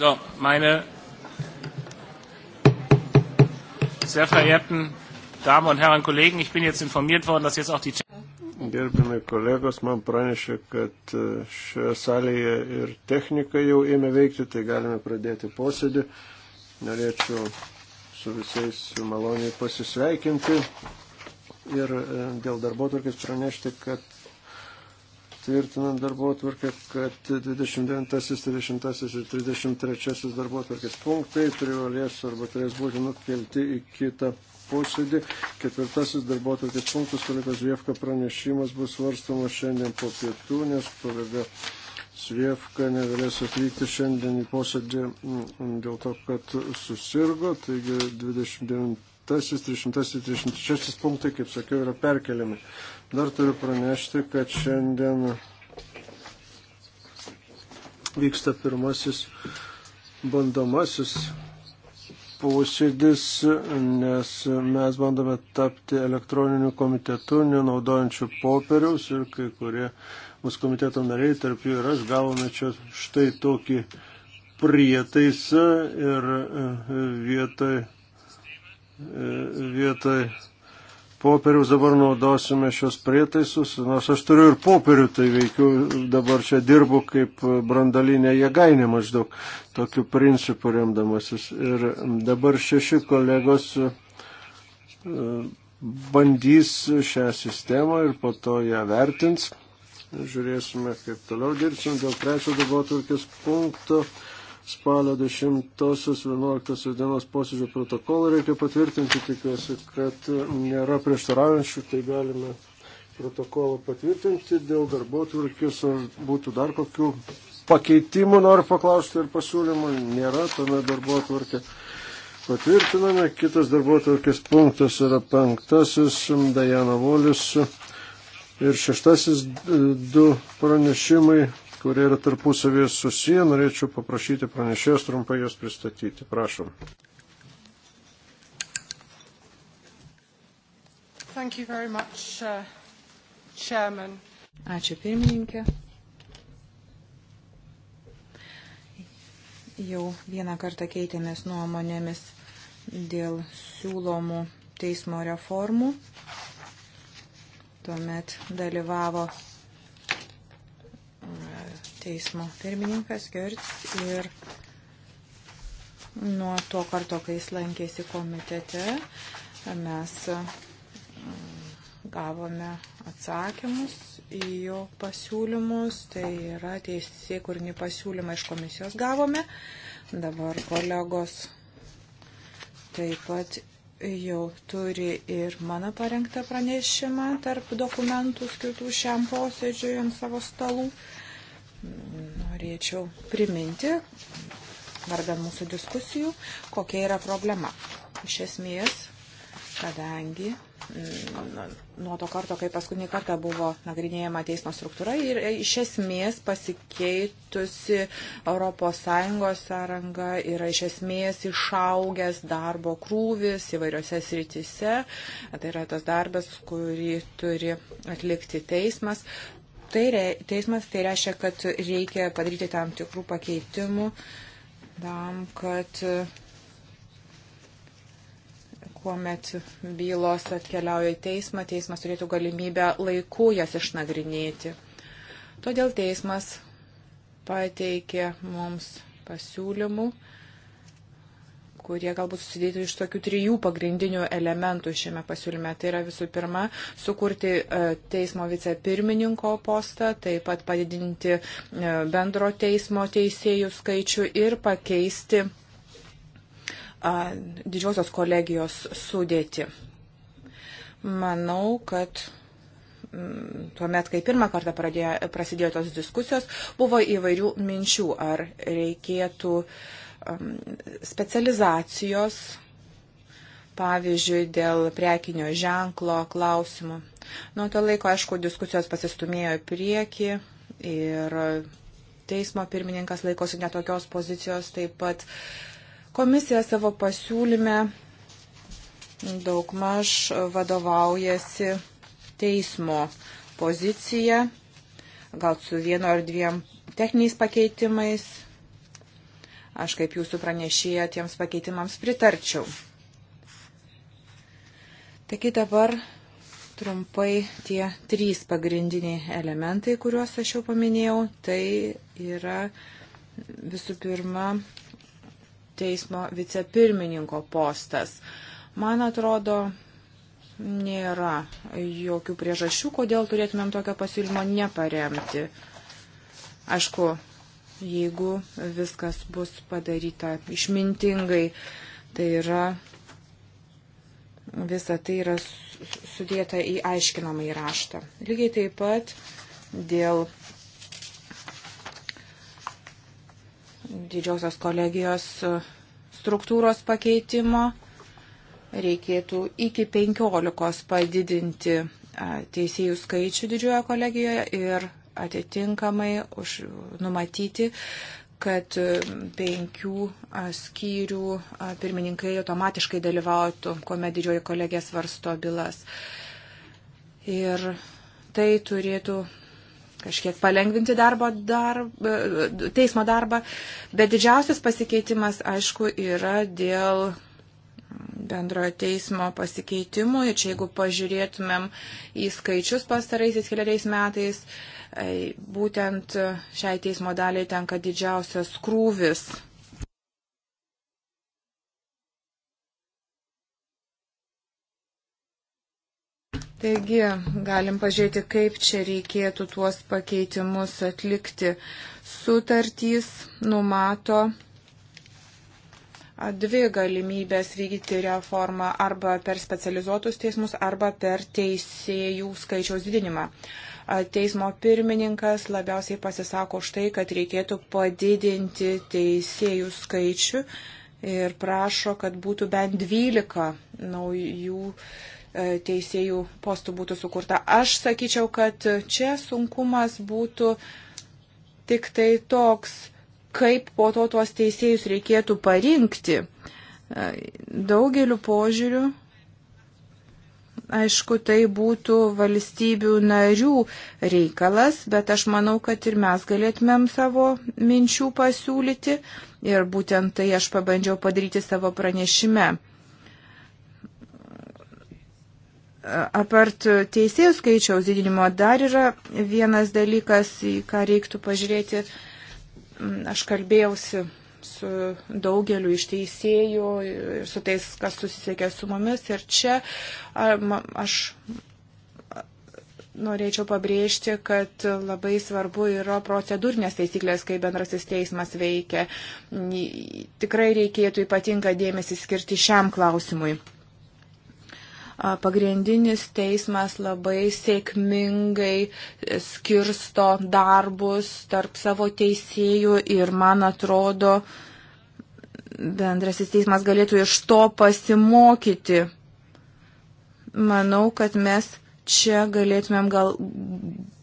So, meine sehr verehrten Damen und Herren Kollegen, ich bin jetzt informiert worden, dass jetzt auch die Gerbiami kolegos, man pranešė, kad e, šioje salėje ir technika jau ėmė veikti, tai galime pradėti posėdį. Norėčiau su visais maloniai pasisveikinti ir e, dėl darbo tvarkės pranešti, kad tvirtinant darbo atvarkę, kad 29, 30 ir 33 darbo atvarkės punktai privalės arba turės būti nukelti į kitą posėdį. Ketvirtasis darbo atvarkės punktas, kolegos Vievka pranešimas bus svarstamas šiandien po pietų, nes kolega Svievka negalės atvykti šiandien į posėdį mm, dėl to, kad susirgo, taigi 29 300 ir 306 punktai, kaip sakiau, yra perkeliami. Dar turiu pranešti, kad šiandien vyksta pirmasis bandomasis posėdis, nes mes bandome tapti elektroniniu komitetu, nenaudojančiu popieriaus ir kai kurie mūsų komiteto nariai, tarp jų ir aš, gavome čia štai tokį prietaisą ir vietoj vietoj popieriaus dabar naudosime šios prietaisus, nors aš turiu ir popierių, tai veikiu dabar čia dirbu kaip brandalinė jėgainė maždaug tokiu principu remdamasis. Ir dabar šeši kolegos e, bandys šią sistemą ir po to ją vertins žiūrėsime, kaip toliau dirbsim dėl trečio darbo atvarkės punkto spalio 10-11 dienos posėdžio protokolą reikia patvirtinti, tikiuosi, kad nėra prieštaraujančių, tai galime protokolą patvirtinti dėl darbo tvarkės, ar būtų dar kokių pakeitimų, noriu paklausti ir pasiūlymų, nėra, tuomet darbo tvarkė patvirtiname. Kitas darbo tvarkės punktas yra penktasis, Dajana Volis ir šeštasis du pranešimai kurie yra tarpusavėje susiję. Norėčiau paprašyti pranešėjus trumpai juos pristatyti. Prašom. Much, uh, Ačiū pirmininkė. Jau vieną kartą keitėmės nuomonėmis dėl siūlomų teismo reformų. Tuomet dalyvavo teismo pirmininkas Gertz ir nuo to karto, kai jis lankėsi komitete, mes mm, gavome atsakymus į jo pasiūlymus, tai yra teisėjai kūrinį pasiūlymą iš komisijos gavome. Dabar kolegos taip pat jau turi ir mano parengtą pranešimą tarp dokumentų skirtų šiam posėdžiui ant savo stalų. Uh, norėčiau priminti, vardan mūsų diskusijų, kokia yra problema. Iš esmės, kadangi mm, nuo to karto, kai paskutinį kartą buvo nagrinėjama teismo struktūra ir e, iš esmės pasikeitusi ES sąranga yra iš esmės išaugęs darbo krūvis įvairiose sritise. Tai yra tas darbas, kurį turi atlikti teismas tai re, teismas tai reiškia, kad reikia padaryti tam tikrų pakeitimų tam, kad kuomet bylos atkeliauja į teismą, teismas turėtų galimybę laiku jas išnagrinėti. Todėl teismas pateikė mums pasiūlymų kurie galbūt susidėtų iš tokių trijų pagrindinių elementų šiame pasiūlyme. Tai yra visų pirma, sukurti e, teismo vicepirmininko postą, taip pat padidinti e, bendro teismo teisėjų skaičių ir pakeisti didžiosios kolegijos sudėti. Manau, kad mm, tuomet, kai pirmą kartą pradėjo, prasidėjo tos diskusijos, buvo įvairių minčių, ar reikėtų uh, Um, specializacijos, pavyzdžiui, dėl prekinio ženklo klausimų. Nuo to laiko, aišku, diskusijos pasistumėjo į priekį ir teismo pirmininkas laikosi netokios pozicijos taip pat. Komisija savo pasiūlyme daugmaž vadovaujasi teismo pozicija, gal su vienu ar dviem techniniais pakeitimais, Aš kaip jūsų pranešėja tiems pakeitimams pritarčiau. Taigi dabar trumpai tie trys pagrindiniai elementai, kuriuos aš jau paminėjau. Tai yra visų pirma teismo vicepirmininko postas. Man atrodo, nėra jokių priežasčių, kodėl turėtumėm tokio pasiūlymo neparemti. Aišku, jeigu viskas bus padaryta išmintingai. Tai yra, visa tai yra sudėta į aiškinamą įraštą. Lygiai taip pat dėl didžiosios kolegijos e, struktūros pakeitimo reikėtų iki 15 padidinti teisėjų skaičių didžiojo kolegijoje ir atitinkamai už, numatyti, kad um, penkių skyrių pirmininkai automatiškai dalyvautų, kuomet didžioji kolegė svarsto bylas. Ir tai turėtų kažkiek palengvinti darbo darb, e, teismo darbą, bet didžiausias pasikeitimas, aišku, yra dėl bendrojo teismo pasikeitimų. Ir čia jeigu pažiūrėtumėm į skaičius pastaraisiais keliariais metais, uh, Būtent šiai teismo daliai tenka didžiausias krūvis Taigi, galim pažiūrėti, kaip čia reikėtų tuos pakeitimus atlikti. Sutartys numato dvi galimybės vykdyti reformą arba per specializuotus teismus, arba per teisėjų skaičiaus didinimą teismo pirmininkas labiausiai pasisako už tai, kad reikėtų padidinti teisėjų skaičių ir prašo, kad būtų bent 12 naujų e, teisėjų postų būtų sukurta. Aš sakyčiau, kad čia sunkumas būtų tik tai toks, kaip po to tuos teisėjus reikėtų parinkti. E, daugeliu požiūriu Aišku, tai būtų valstybių narių reikalas, bet aš manau, kad ir mes galėtumėm savo minčių pasiūlyti ir būtent tai aš pabandžiau padaryti savo pranešime. Apart teisėjų skaičiaus didinimo dar yra vienas dalykas, į ką reiktų pažiūrėti. Aš kalbėjausi su daugeliu iš teisėjų ir su tais, kas susisiekė su mumis. Ir čia aš norėčiau pabrėžti, kad labai svarbu yra procedūrinės taisyklės, kaip bendrasis teismas veikia. Tikrai reikėtų ypatingą dėmesį skirti šiam klausimui. Pagrindinis teismas labai sėkmingai skirsto darbus tarp savo teisėjų ir, man atrodo, bendrasis teismas galėtų iš to pasimokyti. Manau, kad mes čia galėtumėm gal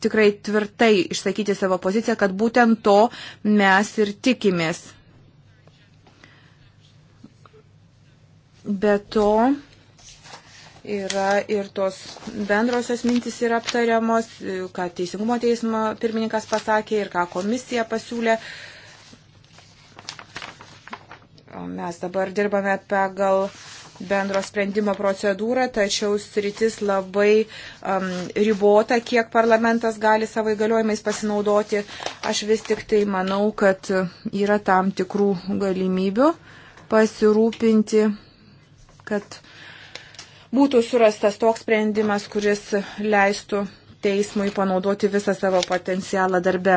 tikrai tvirtai išsakyti savo poziciją, kad būtent to mes ir tikimės. Be to, yra ir tos bendrosios mintys yra aptariamos, ką Teisingumo teismo pirmininkas pasakė ir ką komisija pasiūlė. Mes dabar dirbame pagal bendro sprendimo procedūrą, tačiau sritis labai um, ribota, kiek parlamentas gali savo įgaliojimais pasinaudoti. Aš vis tik tai manau, kad yra tam tikrų galimybių pasirūpinti, kad būtų surastas toks sprendimas, kuris leistų teismui panaudoti visą savo potencialą darbe.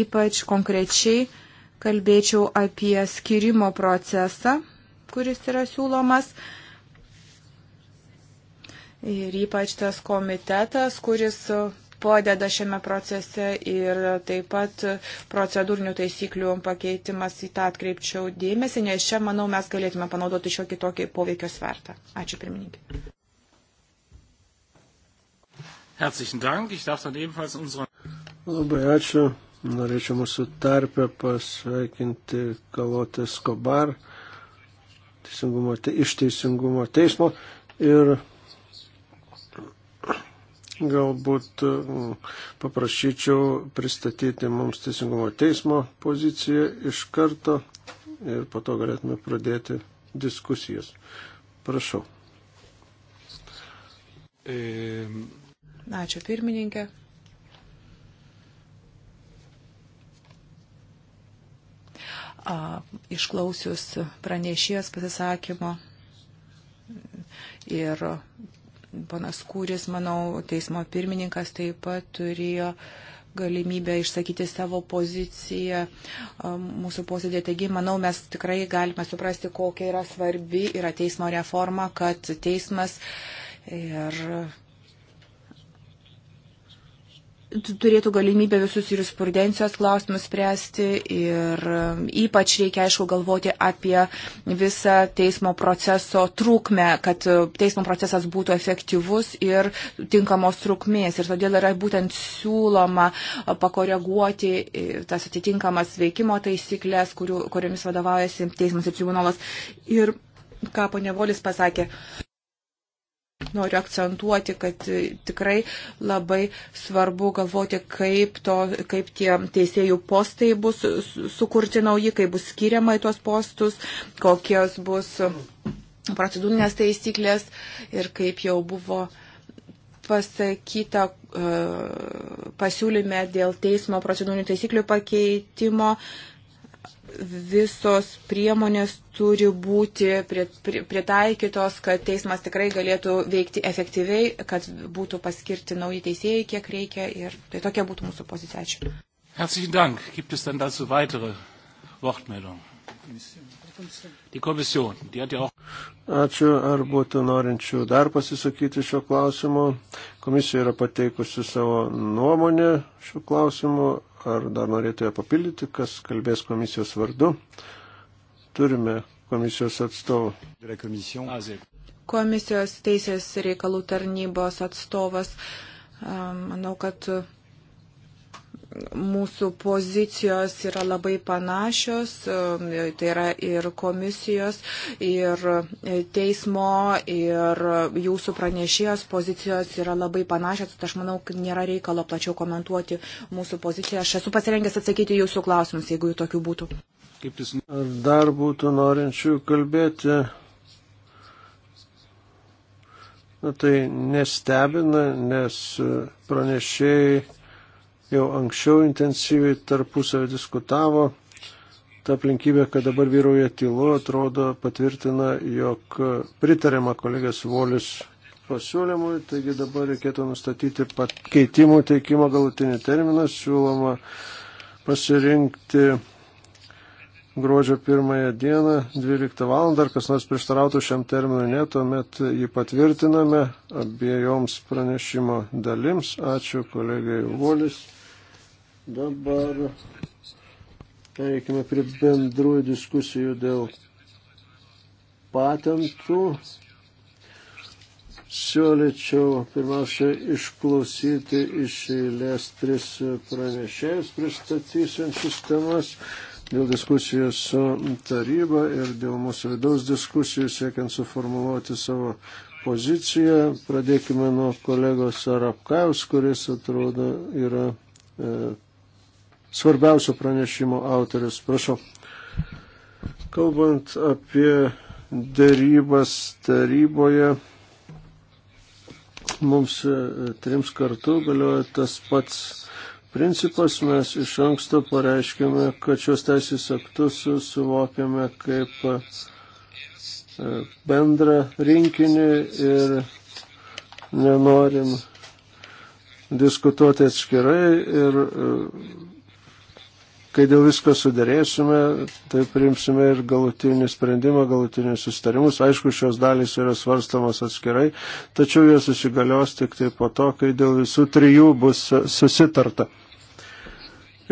Ypač konkrečiai kalbėčiau apie skirimo procesą, kuris yra siūlomas. Ir ypač tas komitetas, kuris padeda šiame procese ir taip pat procedūrinių taisyklių pakeitimas į tą atkreipčiau dėmesį, nes čia, manau, mes galėtume panaudoti šiokį tokį poveikio svertą. Ačiū pirmininkė. Herzlichen Dank. Ich darf dann ebenfalls unsere. Labai ačiū. Norėčiau mūsų tarpę pasveikinti Kalotės Kobar teisingumo, iš Teisingumo teismo ir Galbūt mm, paprašyčiau pristatyti mums Teisingumo teismo poziciją iš karto ir po to galėtume pradėti diskusijas. Prašau. Ehm. Ačiū pirmininkė. Išklausius pranešėjos pasisakymo ir Ponas Kūris, manau, teismo pirmininkas taip pat turėjo galimybę išsakyti savo poziciją mūsų posėdė. Taigi, manau, mes tikrai galime suprasti, kokia yra svarbi yra teismo reforma, kad teismas ir turėtų galimybę visus jurisprudencijos klausimus spręsti ir um, ypač reikia, aišku, galvoti apie visą teismo proceso trukmę, kad uh, teismo procesas būtų efektyvus ir tinkamos trukmės. Ir todėl yra būtent siūloma uh, pakoreguoti uh, tas atitinkamas veikimo taisyklės, kuriu, kuriomis vadovaujasi teismas ir tribunolas. Ir ką ponevolis pasakė. Noriu akcentuoti, kad e, tikrai labai svarbu galvoti, kaip, to, kaip tie teisėjų postai bus sukurti nauji, kaip bus skiriama į tuos postus, kokios bus procedūrinės taisyklės ir kaip jau buvo pasakyta e, pasiūlyme dėl teismo procedūrinių taisyklių pakeitimo, visos priemonės turi būti pritaikytos, kad teismas tikrai galėtų veikti efektyviai, kad būtų paskirti nauji teisėjai, kiek reikia. Ir tai tokia būtų mūsų pozicija. Ačiū. Herzlichen Dank. Gibt es denn dazu weitere Wortmeldungen? Die Kommission, die hat ja auch. Ačiū, ar būtų norinčių dar pasisakyti šio klausimu. Komisija yra pateikusi savo nuomonę šio klausimu ar dar norėtų ją papildyti, kas kalbės komisijos vardu. Turime komisijos atstovą. Komisijos teisės reikalų tarnybos atstovas. Manau, kad mūsų pozicijos yra labai panašios, um, tai yra ir komisijos, ir teismo, ir jūsų pranešėjos pozicijos yra labai panašios, tai aš manau, nėra reikalo plačiau komentuoti mūsų poziciją. Aš esu pasirengęs atsakyti jūsų klausimus, jeigu jų tokių būtų. Ar dar būtų norinčių kalbėti? Na, tai nestebina, nes pranešėjai jau anksčiau intensyviai tarpusavį diskutavo. Ta aplinkybė, kad dabar vyrauja tylu, atrodo patvirtina, jog pritarima kolegės Volis pasiūlymui, taigi dabar reikėtų nustatyti pakeitimų teikimo galutinį terminą, siūloma pasirinkti gruodžio pirmąją dieną, 12 val. ar kas nors prieštarautų šiam terminui, ne, tuomet jį patvirtiname abiejoms pranešimo dalims. Ačiū kolegai Volis. Dabar pereikime prie bendrųjų diskusijų dėl patentų. Siūlyčiau pirmiausia išklausyti iš eilės tris pranešėjus pristatysiančius temas dėl diskusijų su taryba ir dėl mūsų vidaus diskusijų siekiant suformuoluoti savo poziciją. Pradėkime nuo kolegos Arapkaus, kuris atrodo yra e, svarbiausio pranešimo autorius. Prašau. Kalbant apie dėrybas taryboje, mums e, trims kartų galioja tas pats principas. Mes iš anksto pareiškime, kad šios teisės aktus suvokiame kaip e, bendrą rinkinį ir nenorim diskutuoti atskirai ir e, Kai dėl visko sudėrėsime, tai priimsime ir galutinį sprendimą, galutinius sustarimus. Aišku, šios dalys yra svarstamos atskirai, tačiau jos įsigalios tik tai po to, kai dėl visų trijų bus susitarta.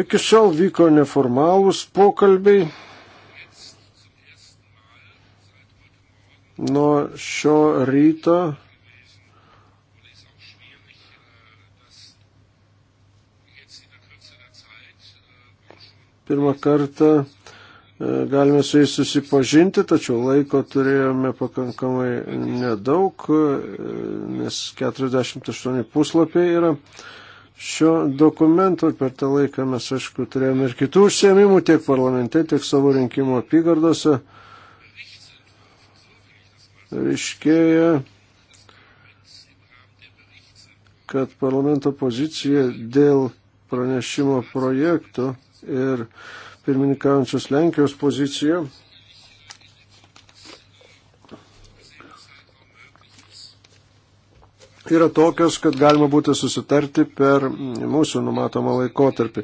Iki šiol vyko neformalūs pokalbiai. Nuo šio ryto pirmą kartą e, galime su jais susipažinti, tačiau laiko turėjome pakankamai nedaug, e, nes 48 puslapiai yra šio dokumento. Per tą laiką mes, aišku, turėjome ir kitų užsiemimų tiek parlamente, tiek savo rinkimo apygardose. Ryškėja kad parlamento pozicija dėl pranešimo projektų ir pirmininkaujančios Lenkijos poziciją. Yra tokios, kad galima būtų susitarti per mūsų numatomą laikotarpį.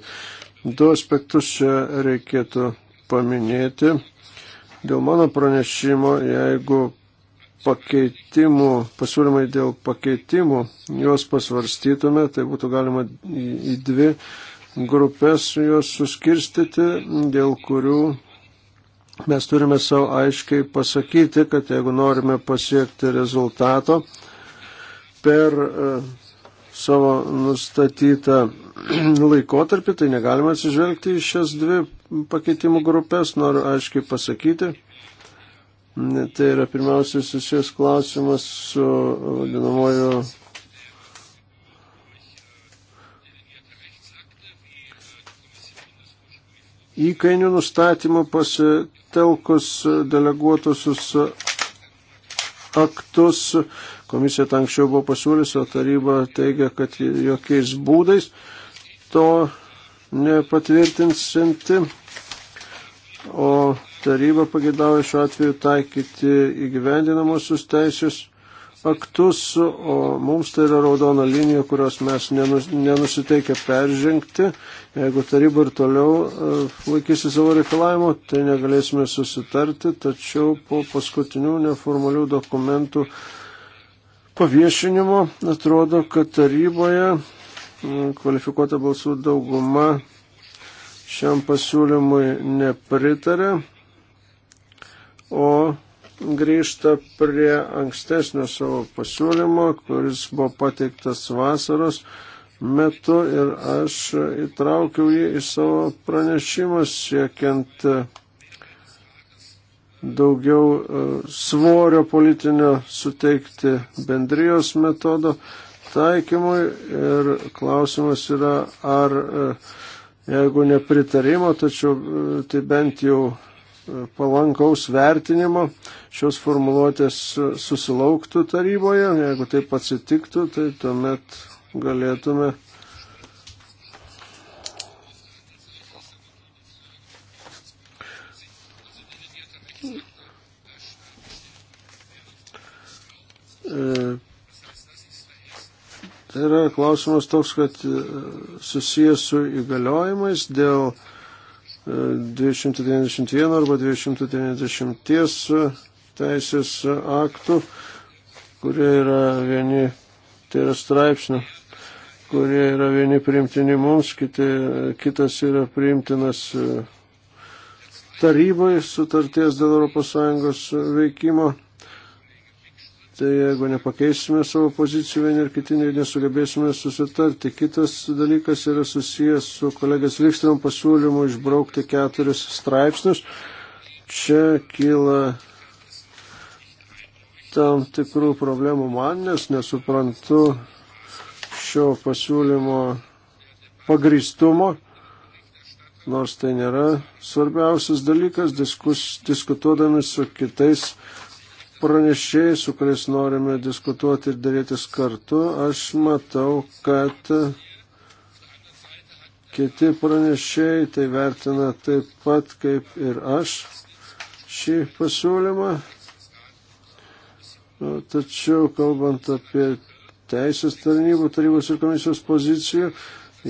Du aspektus čia reikėtų paminėti. Dėl mano pranešimo, jeigu pakeitimų, pasiūlymai dėl pakeitimų, juos pasvarstytume, tai būtų galima į dvi grupės juos suskirstyti, dėl kurių mes turime savo aiškiai pasakyti, kad jeigu norime pasiekti rezultato per e, savo nustatytą laikotarpį, tai negalime atsižvelgti į šias dvi pakeitimų grupės, noriu aiškiai pasakyti. Tai yra pirmiausiai susijęs klausimas su vadinamojo įkainių nustatymų pasitelkus deleguotusius aktus. Komisija tą anksčiau buvo pasiūlysi, o taryba teigia, kad jokiais būdais to nepatvirtinsinti. O taryba pagėdavo šiuo atveju taikyti įgyvendinamosius teisės aktus, o mums tai yra raudona linija, kurios mes nenus, nenusiteikia peržengti. Jeigu taryba ir toliau e, laikysi savo reikalavimų, tai negalėsime susitarti, tačiau po paskutinių neformalių dokumentų paviešinimo atrodo, kad taryboje e, kvalifikuota balsų dauguma šiam pasiūlymui nepritarė, o grįžta prie ankstesnio savo pasiūlymo, kuris buvo pateiktas vasaros metu ir aš įtraukiau jį į savo pranešimą siekiant e, daugiau e, svorio politinio suteikti bendrijos metodo taikymui ir klausimas yra, ar e, jeigu nepritarimo, tačiau tai bent jau palankaus vertinimo šios formuluotės susilauktų taryboje. Jeigu taip atsitiktų, tai tuomet galėtume e, Tai yra klausimas toks, kad e, susijęs su įgaliojimais dėl 291 arba 290 teisės aktų, kurie yra vieni, tai yra straipsnių, kurie yra vieni priimtini mums, kiti, kitas yra priimtinas e, tarybai sutarties dėl ES veikimo. Tai jeigu nepakeisime savo pozicijų vieni ir kiti, nesugebėsime susitarti. Kitas dalykas yra susijęs su kolegas Vikstrom pasiūlymu išbraukti keturis straipsnius. Čia kyla tam tikrų problemų man, nes nesuprantu šio pasiūlymo pagristumo, nors tai nėra svarbiausias dalykas, diskus, diskutuodami su kitais pranešėjai, su kuriais norime diskutuoti ir darytis kartu, aš matau, kad kiti pranešėjai tai vertina taip pat kaip ir aš šį pasiūlymą. Tačiau kalbant apie teisės tarnybų, tarybos ir komisijos pozicijų,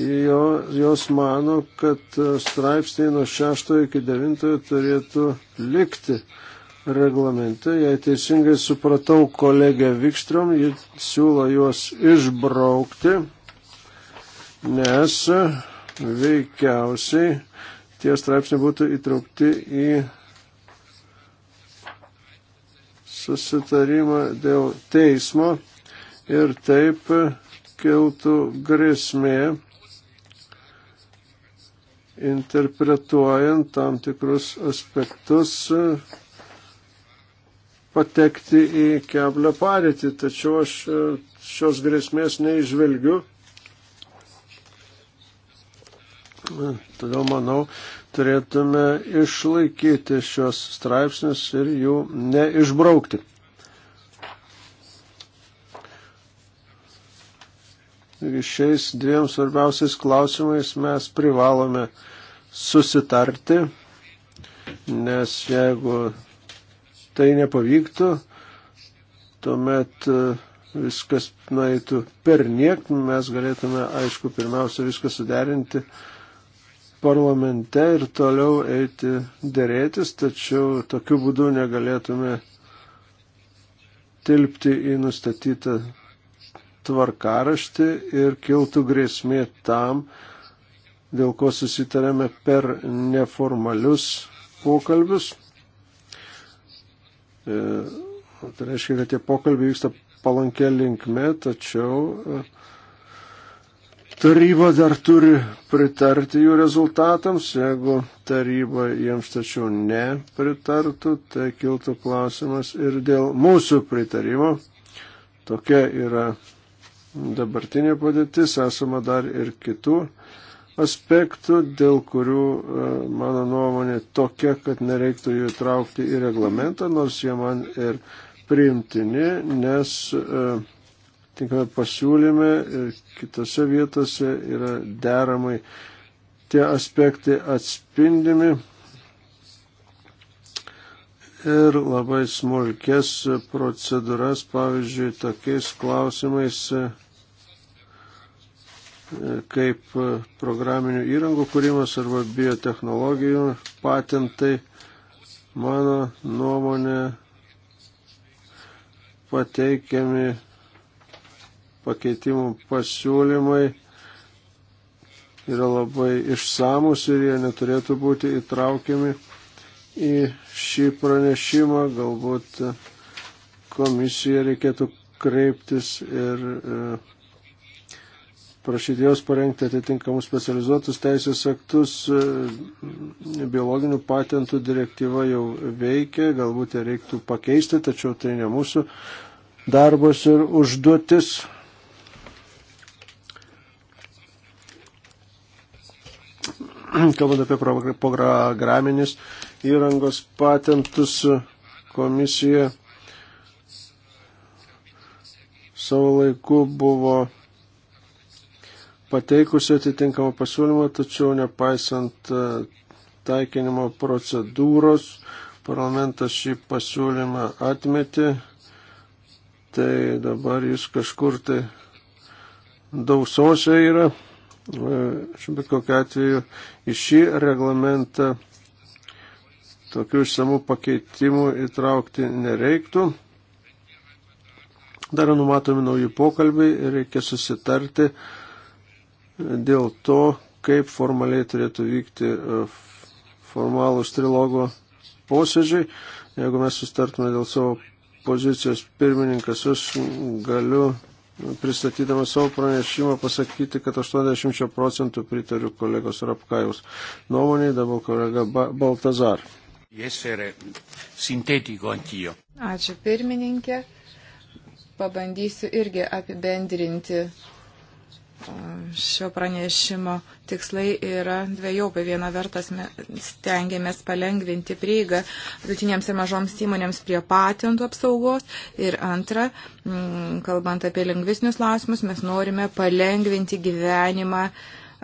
jo, jos mano, kad straipsniai nuo 6 iki 9 turėtų likti reglamente. Jei teisingai supratau kolegę Vikstrom, ji siūlo juos išbraukti, nes veikiausiai tie straipsniai būtų įtraukti į susitarimą dėl teismo ir taip kiltų grėsmė interpretuojant tam tikrus aspektus patekti į keblę padėtį, tačiau aš e, šios grėsmės neižvelgiu. Todėl manau, turėtume išlaikyti šios straipsnius ir jų neišbraukti. Ir šiais dviem svarbiausiais klausimais mes privalome susitarti, nes jeigu tai nepavyktų, tuomet e, viskas nueitų per niek, mes galėtume, aišku, pirmiausia viską suderinti parlamente ir toliau eiti dėrėtis, tačiau tokiu būdu negalėtume tilpti į nustatytą tvarkaraštį ir kiltų grėsmė tam, dėl ko susitarėme per neformalius pokalbius. E, tai reiškia, kad tie pokalbiai vyksta palankia linkme, tačiau e, taryba dar turi pritarti jų rezultatams. Jeigu taryba jiems tačiau nepritartų, tai kiltų klausimas ir dėl mūsų pritarimo. Tokia yra dabartinė padėtis, esama dar ir kitų aspektų, dėl kurių, e, mano nuomonė, tokia, kad nereiktų jų traukti į reglamentą, nors jie man ir priimtini, nes e, tinkame pasiūlyme ir kitose vietose yra deramai tie aspektai atspindimi ir labai smulkės procedūras, pavyzdžiui, tokiais klausimais e, kaip programinių įrangų kūrimas arba biotehnologijų patentai, mano nuomonė, pateikiami pakeitimų pasiūlymai yra labai išsamus ir jie neturėtų būti įtraukiami į šį pranešimą. Galbūt komisiją reikėtų kreiptis ir e, prašyti jos parengti atitinkamus specializuotus teisės aktus. E, biologinių patentų direktyva jau veikia, galbūt ją reiktų pakeisti, tačiau tai ne mūsų darbas ir užduotis. Kalbant apie programinis įrangos patentus, komisija savo laiku buvo pateikusi atitinkamą pasiūlymą, tačiau nepaisant e, taikinimo procedūros, parlamentas šį pasiūlymą atmetė, tai dabar jis kažkur tai dausose yra. E, bet kokiu atveju į šį reglamentą tokių išsamų pakeitimų įtraukti nereiktų. Dar numatomi nauji pokalbiai ir reikia susitarti, dėl to, kaip formaliai turėtų vykti e, formalūs trilogo posėdžiai. Jeigu mes sustartume dėl savo pozicijos pirmininkas, aš galiu pristatydamas savo pranešimą pasakyti, kad 80 procentų pritariu kolegos Rapkajaus nuomonį, dabar kolega ba Baltazar. Ačiū pirmininkė. Pabandysiu irgi apibendrinti šio pranešimo tikslai yra dviejopai. Viena vertas stengiamės palengvinti prieigą vidutinėms ir mažoms įmonėms prie patentų apsaugos. Ir antra, mm, kalbant apie lingvisnius klausimus, mes norime palengvinti gyvenimą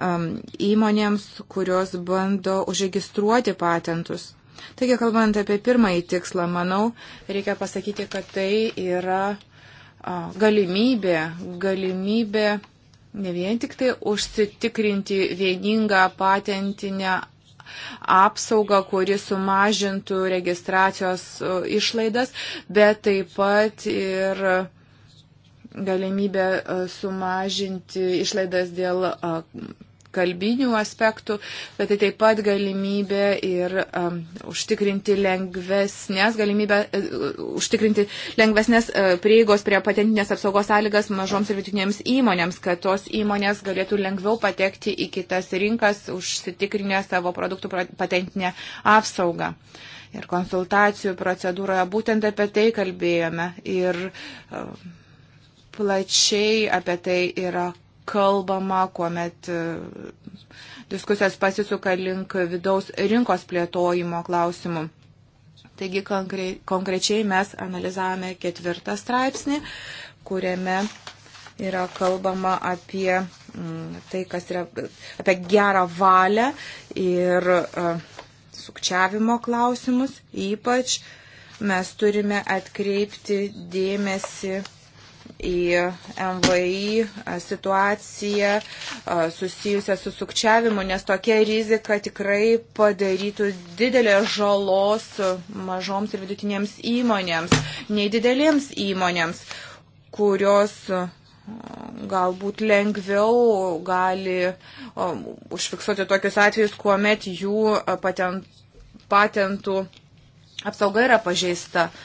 įmonėms, kurios bando užregistruoti patentus. Taigi, kalbant apie pirmąjį tikslą, manau, reikia pasakyti, kad tai yra galimybė, galimybė ne vien tik tai užsitikrinti vieningą patentinę apsaugą, kuri sumažintų registracijos e, išlaidas, bet taip pat ir galimybę e, sumažinti išlaidas dėl e, kalbinių aspektų, bet tai taip pat galimybė ir um, užtikrinti lengvesnės, galimybę uh, uh, užtikrinti lengvesnės uh, prieigos prie patentinės apsaugos sąlygas mažoms ir vidutinėms įmonėms, kad tos įmonės galėtų lengviau patekti į kitas rinkas, užsitikrinę savo produktų patentinę apsaugą. Ir konsultacijų procedūroje būtent apie tai kalbėjome ir uh, plačiai apie tai yra kalbama, kuomet e, diskusijos pasisuka link vidaus rinkos plėtojimo klausimų. Taigi konkrečiai mes analizavome ketvirtą straipsnį, kuriame yra kalbama apie mm, tai, kas yra apie gerą valią ir e, sukčiavimo klausimus. Ypač mes turime atkreipti dėmesį į MVI situaciją susijusią su sukčiavimu, nes tokia rizika tikrai padarytų didelės žalos mažoms ir vidutinėms įmonėms, nei didelėms įmonėms, kurios galbūt lengviau gali užfiksuoti tokius atvejus, kuomet jų patent, patentų apsauga yra pažeista. Uh,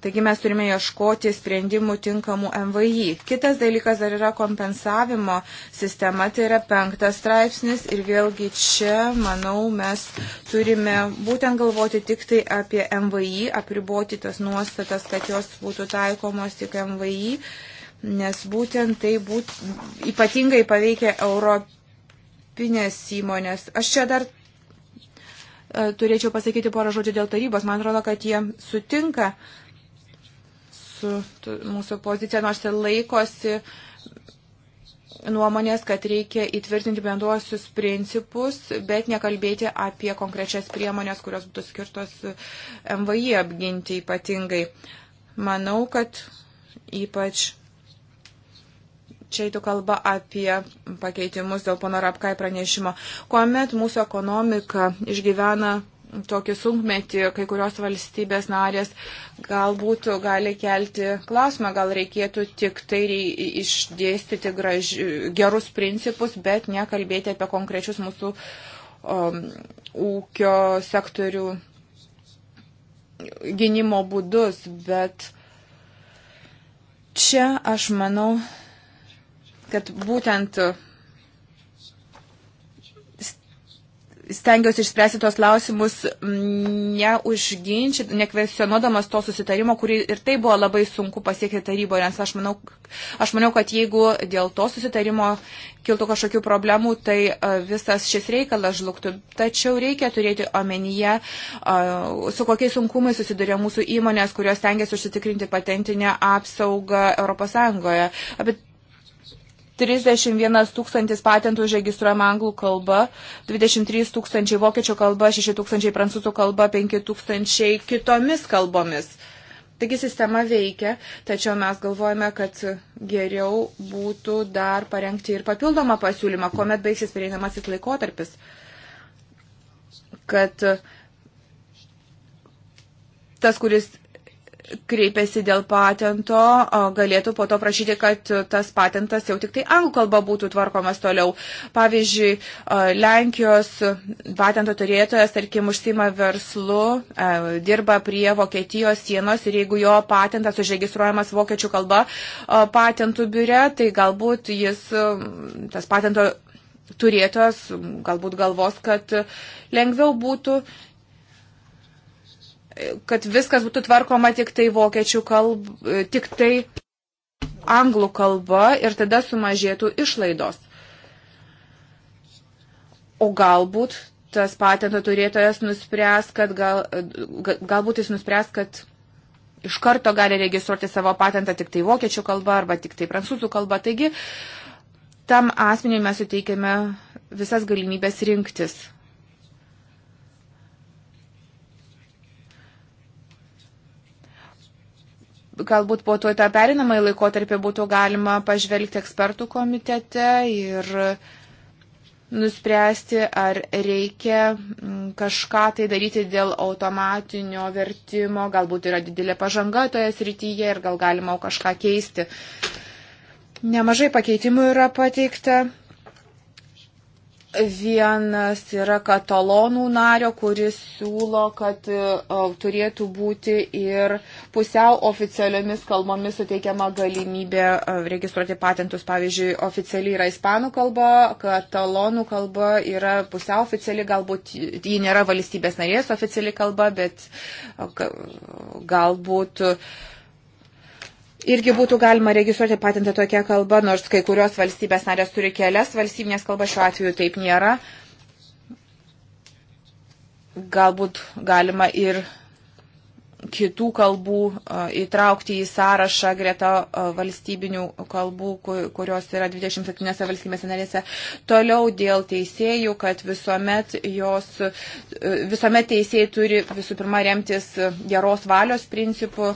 Taigi mes turime ieškoti sprendimų tinkamų MVI. Kitas dalykas dar yra kompensavimo sistema, tai yra penktas straipsnis ir vėlgi čia, manau, mes turime būtent galvoti tik tai apie MVI, apriboti tas nuostatas, kad jos būtų taikomos tik MVI, nes būtent tai būt, ypatingai paveikia europinės įmonės. Aš čia dar e, turėčiau pasakyti porą žodžių dėl tarybos. Man atrodo, kad jie sutinka mūsų, mūsų poziciją, nors ir laikosi nuomonės, kad reikia įtvirtinti bendruosius principus, bet nekalbėti apie konkrečias priemonės, kurios būtų skirtos MVI apginti ypatingai. Manau, kad ypač čia eitų kalba apie pakeitimus dėl pono Rapkai pranešimo, kuomet mūsų ekonomika išgyvena tokį sunkmetį kai kurios valstybės narės galbūt gali kelti klausimą, gal reikėtų tik tai išdėstyti graž, gerus principus, bet nekalbėti apie konkrečius mūsų um, ūkio sektorių gynimo būdus, bet čia aš manau, kad būtent stengiuosi išspręsti tos klausimus mm, neužginčyt, nekvesionuodamas to susitarimo, kurį ir tai buvo labai sunku pasiekti taryboje, nes aš manau, aš manau, kad jeigu dėl to susitarimo kiltų kažkokių problemų, tai e, visas šis reikalas žlugtų. Tačiau reikia turėti omenyje, e, su kokiais sunkumais susiduria mūsų įmonės, kurios tengiasi užsitikrinti patentinę apsaugą ES. Apie 31 tūkstantis patentų užregistruojama anglų kalba, 23 tūkstančiai vokiečių kalba, 6 tūkstančiai prancūzų kalba, 5 tūkstančiai kitomis kalbomis. Taigi sistema veikia, tačiau mes galvojame, kad geriau būtų dar parengti ir papildomą pasiūlymą, kuomet baigsis pereinamasis laikotarpis, kad tas, kuris kreipiasi dėl patento, galėtų po to prašyti, kad tas patentas jau tik tai anglų kalba būtų tvarkomas toliau. Pavyzdžiui, Lenkijos patento turėtojas, tarkim, užsima verslu, dirba prie Vokietijos sienos ir jeigu jo patentas užregistruojamas vokiečių kalba patentų biure, tai galbūt jis tas patento turėtojas galbūt galvos, kad lengviau būtų kad viskas būtų tvarkoma tik tai vokiečių kalba, tik tai anglų kalba ir tada sumažėtų išlaidos. O galbūt tas patento turėtojas nuspręs, kad gal, galbūt jis nuspręs, kad iš karto gali registruoti savo patentą tik tai vokiečių kalba arba tik tai prancūzų kalba. Taigi tam asmeniui mes suteikėme visas galimybės rinktis galbūt po to tą perinamąjį laikotarpį būtų galima pažvelgti ekspertų komitete ir nuspręsti, ar reikia mm, kažką tai daryti dėl automatinio vertimo, galbūt yra didelė pažanga toje srityje ir gal galima kažką keisti. Nemažai pakeitimų yra pateikta, Vienas yra katalonų nario, kuris siūlo, kad e, turėtų būti ir pusiau oficialiomis kalbomis suteikiama galimybė e, registruoti patentus. Pavyzdžiui, oficialiai yra ispanų kalba, katalonų kalba yra pusiau oficiali, galbūt ji nėra valstybės narės oficiali kalba, bet e, galbūt uh, Irgi būtų galima registruoti patentą tokią kalbą, nors kai kurios valstybės narės turi kelias valstybinės kalbas, šiuo atveju taip nėra. Galbūt galima ir kitų kalbų įtraukti į sąrašą greta valstybinių kalbų, kurios yra 27 valstybėse narėse. Toliau dėl teisėjų, kad visuomet, jos, visuomet teisėjai turi visų pirma remtis geros valios principų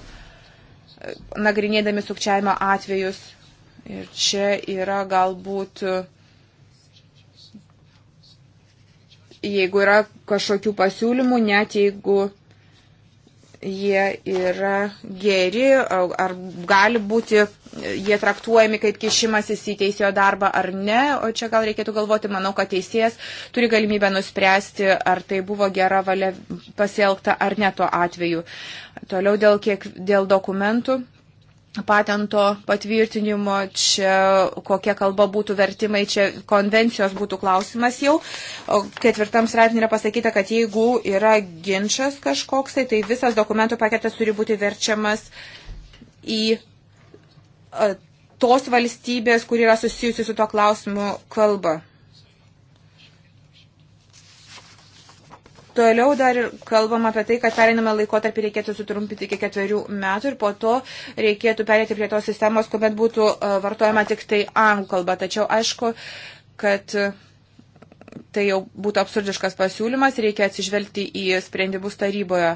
nagrinėdami sukčiavimo atvejus. Ir čia yra galbūt, jeigu yra kažkokių pasiūlymų, net jeigu jie yra geri, ar gali būti jie traktuojami kaip kišimasis į teisėjo darbą ar ne, o čia gal reikėtų galvoti, manau, kad teisėjas turi galimybę nuspręsti, ar tai buvo gera valia pasielgta ar ne tuo atveju. Toliau dėl, kiek, dėl dokumentų patento patvirtinimo, čia kokia kalba būtų vertimai, čia konvencijos būtų klausimas jau. Ketvirtam straipsnė yra pasakyta, kad jeigu yra ginčas kažkoks, tai visas dokumentų paketas turi būti verčiamas į e, tos valstybės, kur yra susijusi su to klausimu kalba. Toliau dar kalbam apie tai, kad pereinamą laikotarpį reikėtų sutrumpinti iki ketverių metų ir po to reikėtų perėti prie tos sistemos, kuomet būtų e, vartojama tik tai anglų kalba. Tačiau aišku, kad uh, tai jau būtų absurdiškas pasiūlymas, reikia atsižvelgti į sprendimus taryboje,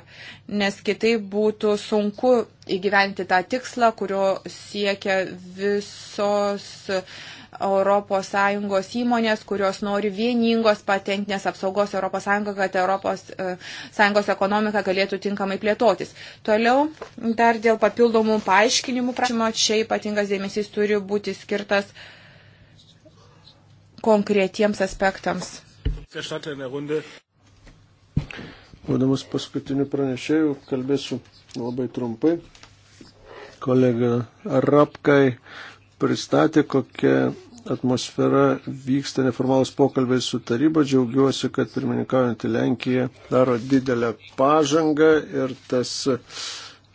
nes kitaip būtų sunku įgyventi tą tikslą, kurio siekia visos ES įmonės, kurios nori vieningos patentinės apsaugos ES, kad ES e, ekonomika galėtų tinkamai plėtotis. Toliau dar dėl papildomų paaiškinimų prašymo, čia ypatingas dėmesys turi būti skirtas uh, konkretiems aspektams. Būdamas paskutiniu pranešėju, kalbėsiu labai trumpai. Kolega Rapkai pristatė, kokia atmosfera vyksta neformalus pokalbiai su taryba. Džiaugiuosi, kad pirmininkaujantį Lenkiją daro didelę pažangą ir tas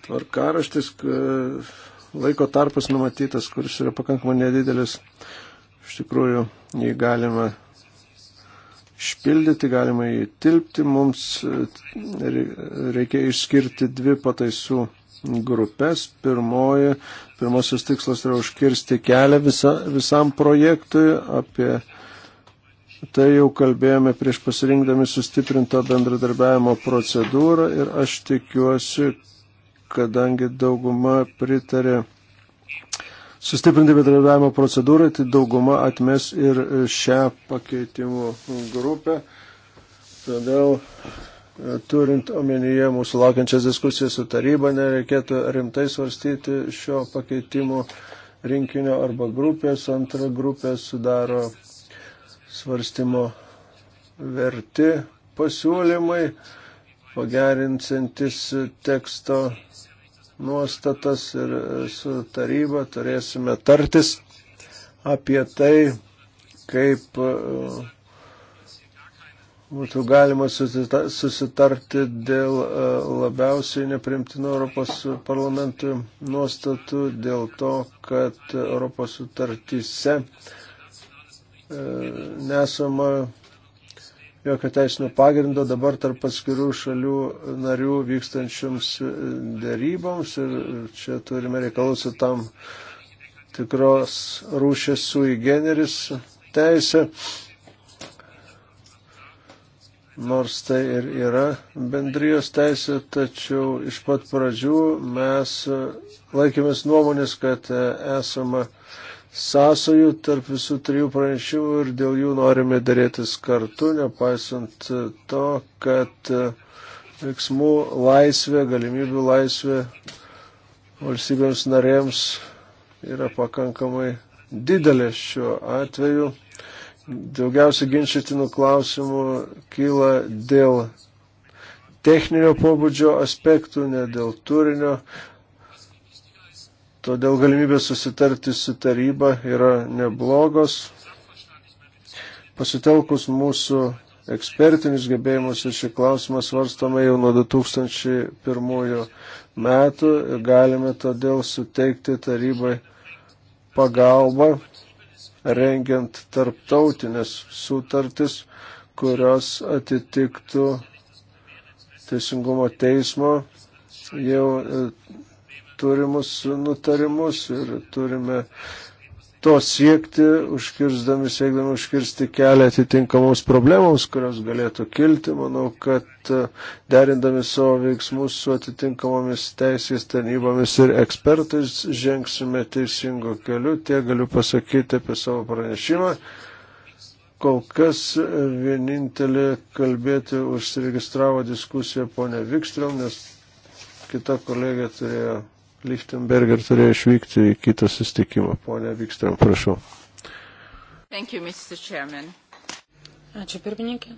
tvarkaraštis, laiko tarpas numatytas, kuris yra pakankamai nedidelis, Iš tikrųjų, jį galima išpildyti, galima jį tilpti. Mums e, reikia išskirti dvi pataisų grupės. Pirmoji, pirmasis tikslas yra užkirsti kelią visa, visam projektui. Apie tai jau kalbėjome prieš pasirinkdami sustiprinto bendradarbiavimo procedūrą ir aš tikiuosi, kadangi dauguma pritarė sustiprinti bendradarbiavimo procedūrą, tai dauguma atmes ir šią pakeitimų grupę. Todėl, e, turint omenyje mūsų laukiančias diskusijas su taryba, nereikėtų rimtai svarstyti šio pakeitimo rinkinio arba grupės. Antra grupė sudaro svarstymo verti pasiūlymai pagerinsantis teksto nuostatas ir su taryba turėsime tartis apie tai, kaip uh, būtų galima susitarti dėl uh, labiausiai neprimtino Europos parlamentų nuostatų, dėl to, kad Europos sutartyse uh, nesama jokio teisinio pagrindo dabar tarp atskirų šalių narių vykstančiams e, dėryboms ir čia turime reikalų su tam tikros rūšės sui generis teisė, nors tai ir yra bendrijos teisė, tačiau iš pat pradžių mes laikėmės nuomonės, kad e, esama sąsojų tarp visų trijų pranešimų ir dėl jų norime dėrėtis kartu, nepaisant to, kad e, veiksmų laisvė, galimybių laisvė valstybėms narėms yra pakankamai didelė šiuo atveju. Daugiausia ginčytinų klausimų kyla dėl techninio pobūdžio aspektų, ne dėl turinio Todėl galimybės susitarti su taryba yra neblogos. Pasitelkus mūsų ekspertinius gebėjimus ir šį klausimą svarstame jau nuo 2001 metų ir galime todėl suteikti tarybai pagalbą rengiant tarptautinės sutartis, kurios atitiktų Teisingumo teismo jau e, turimus nutarimus ir turime to siekti, užkirstami, siekdami užkirsti kelią atitinkamoms problemams, kurios galėtų kilti. Manau, kad e, derindami savo veiksmus su atitinkamomis teisės tarnybomis ir ekspertais žengsime teisingu keliu. Tie galiu pasakyti apie savo pranešimą. Kol kas vienintelė kalbėti užsiregistravo diskusiją ponia Vikstrom, nes kita kolegė turėjo Lichtenberger turėjo išvykti į kitą sustikimą. Pone Vikstram, prašau. Thank you, Mr. Chairman. Ačiū pirmininkė.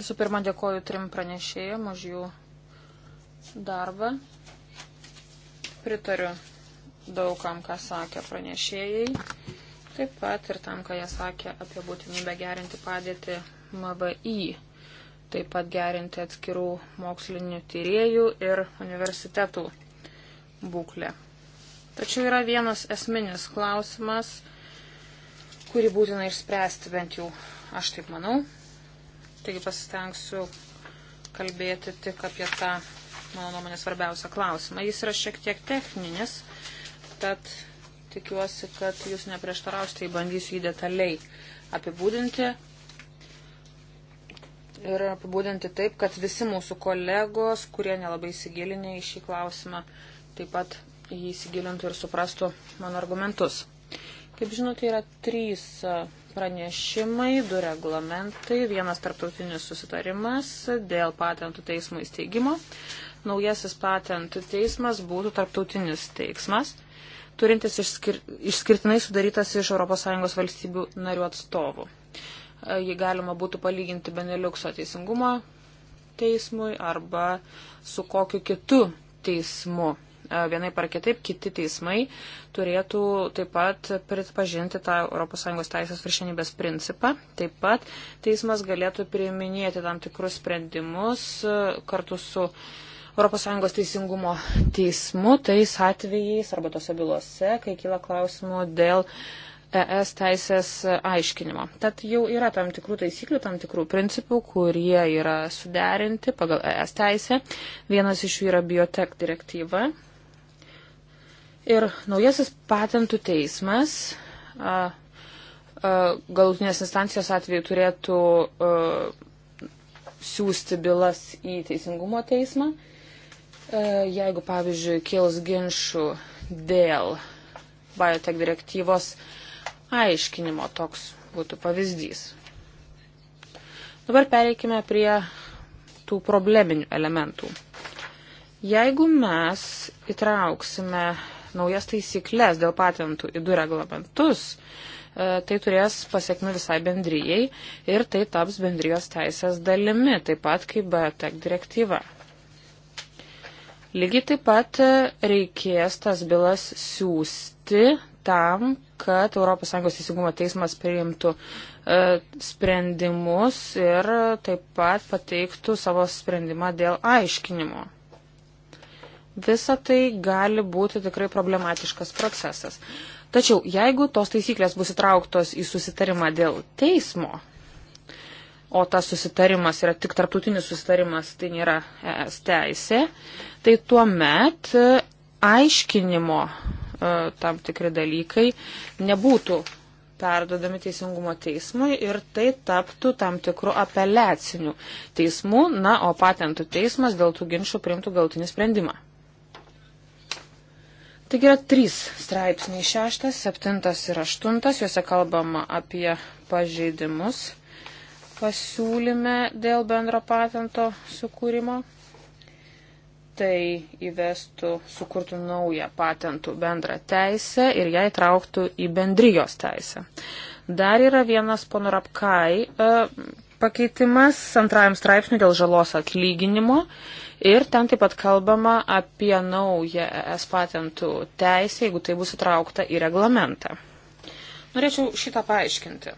Visų pirma, dėkoju trim pranešėjom už jų darbą. Pritariu daugam, ką sakė pranešėjai. Taip pat ir tam, ką jie sakė apie būtinybę gerinti padėtį MVI taip pat gerinti atskirų mokslinių tyriejų ir universitetų būklę. Tačiau yra vienas esminis klausimas, kurį būtina išspręsti, bent jau aš taip manau. Taigi pasistengsiu kalbėti tik apie tą, mano nuomonė, svarbiausią klausimą. Jis yra šiek tiek techninis, tad tikiuosi, kad jūs neprieštarausite, tai bandysiu jį detaliai apibūdinti, ir apibūdinti taip, kad visi mūsų kolegos, kurie nelabai įsigilinę į šį klausimą, taip pat jį įsigilintų ir suprastų mano argumentus. Kaip žinote, yra trys pranešimai, du reglamentai, vienas tarptautinis susitarimas dėl patentų teismo įsteigimo. Naujasis patentų teismas būtų tarptautinis teismas, turintis išskir... išskirtinai sudarytas iš ES valstybių narių atstovų jį galima būtų palyginti Beneliukso teisingumo teismui arba su kokiu kitu teismu. E, vienai par kitaip, kiti teismai turėtų taip pat pripažinti tą ES teisės viršenybės principą. Taip pat teismas galėtų priiminėti tam tikrus sprendimus e, kartu su ES teisingumo teismu tais atvejais arba tose bylose, kai kyla klausimų dėl uh, ES teisės aiškinimo. Tad jau yra tam tikrų taisyklių, tam tikrų principų, kurie yra suderinti pagal ES teisę. Vienas iš jų yra biotek direktyva. Ir naujasis patentų teismas a, a, galutinės instancijos atveju turėtų a, siūsti bylas į teisingumo teismą, a, e, jeigu, pavyzdžiui, kils ginčių dėl biotek direktyvos a, aiškinimo. Toks būtų pavyzdys. Dabar pereikime prie tų probleminių elementų. Jeigu mes įtrauksime naujas taisyklės dėl patentų į du reglamentus, e, tai turės pasiekmių visai bendryjei ir tai taps bendrijos teisės dalimi, taip pat kaip BTEC direktyva. Lygiai taip pat e, reikės tas bylas siūsti tam, kad ES teisingumo teismas priimtų e, sprendimus ir taip pat pateiktų savo sprendimą dėl aiškinimo. Visa tai gali būti tikrai problematiškas procesas. Tačiau jeigu tos taisyklės bus įtrauktos į susitarimą dėl teismo, o tas susitarimas yra tik tarptautinis susitarimas, tai nėra ES teisė, tai tuomet e, aiškinimo E, tam tikri dalykai nebūtų perdodami teisingumo teismui ir tai taptų tam tikrų apeliacinių teismų, na, o patentų teismas dėl tų ginčių priimtų galtinį sprendimą. Taigi yra trys straipsniai - šeštas, septintas ir aštuntas, juose kalbama apie pažeidimus pasiūlyme dėl bendro patento sukūrimo tai įvestų, sukurtų naują patentų bendrą teisę ir ją įtrauktų į bendrijos teisę. Dar yra vienas pono Rapkai e, pakeitimas antrajam straipsniui dėl žalos atlyginimo ir ten taip pat kalbama apie naują ES patentų teisę, jeigu tai bus įtraukta į reglamentą. Norėčiau šitą paaiškinti.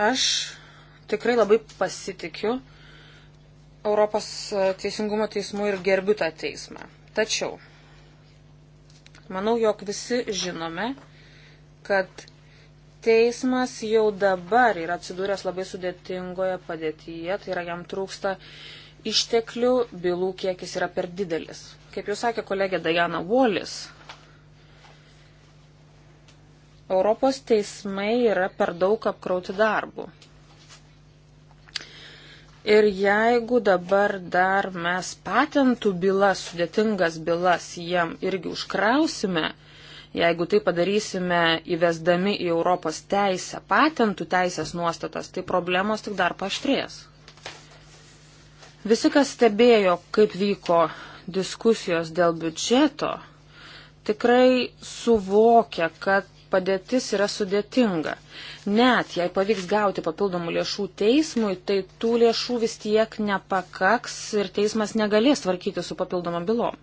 Aš tikrai labai pasitikiu Europos teisingumo teismų ir gerbiu tą teismą. Tačiau, manau, jog visi žinome, kad teismas jau dabar yra atsidūręs labai sudėtingoje padėtyje, tai yra jam trūksta išteklių, bylų kiekis yra per didelis. Kaip jau sakė kolegė Dajana Volis, Europos teismai yra per daug apkrauti darbų. Ir jeigu dabar dar mes patentų bylas, sudėtingas bylas jiem irgi užkrausime, jeigu tai padarysime įvesdami į Europos teisę patentų teisės nuostatas, tai problemos tik dar paštrės. Visi, kas stebėjo, kaip vyko diskusijos dėl biudžeto, tikrai suvokia, kad padėtis yra sudėtinga. Net jei pavyks gauti papildomų lėšų teismui, tai tų lėšų vis tiek nepakaks ir teismas negalės tvarkyti su papildomam bylom.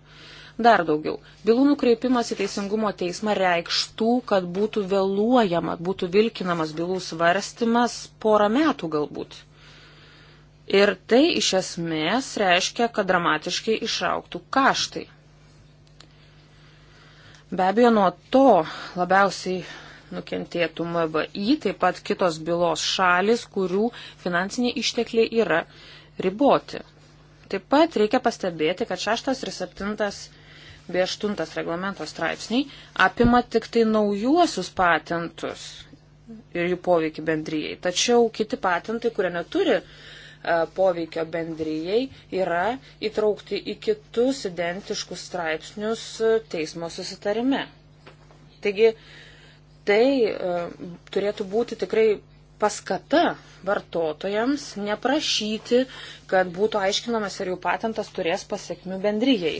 Dar daugiau. Bilų nukreipimas į teisingumo teismą reikštų, kad būtų vėluojama, būtų vilkinamas bylų svarstymas porą metų galbūt. Ir tai iš esmės reiškia, kad dramatiškai išauktų kaštai. Be abejo, nuo to labiausiai nukentėtų MVI, taip pat kitos bylos šalis, kurių finansiniai ištekliai yra riboti. Taip pat reikia pastebėti, kad 6 ir 7 bei 8 reglamento straipsniai apima tik tai naujuosius patentus ir jų poveikį bendryjai. Tačiau kiti patentai, kurie neturi E, poveikio bendryjei yra įtraukti į kitus identiškus straipsnius e, teismo susitarime. Taigi tai e, turėtų būti tikrai paskata vartotojams neprašyti, kad būtų aiškinamas, ar jų patentas turės pasiekmių bendryjei.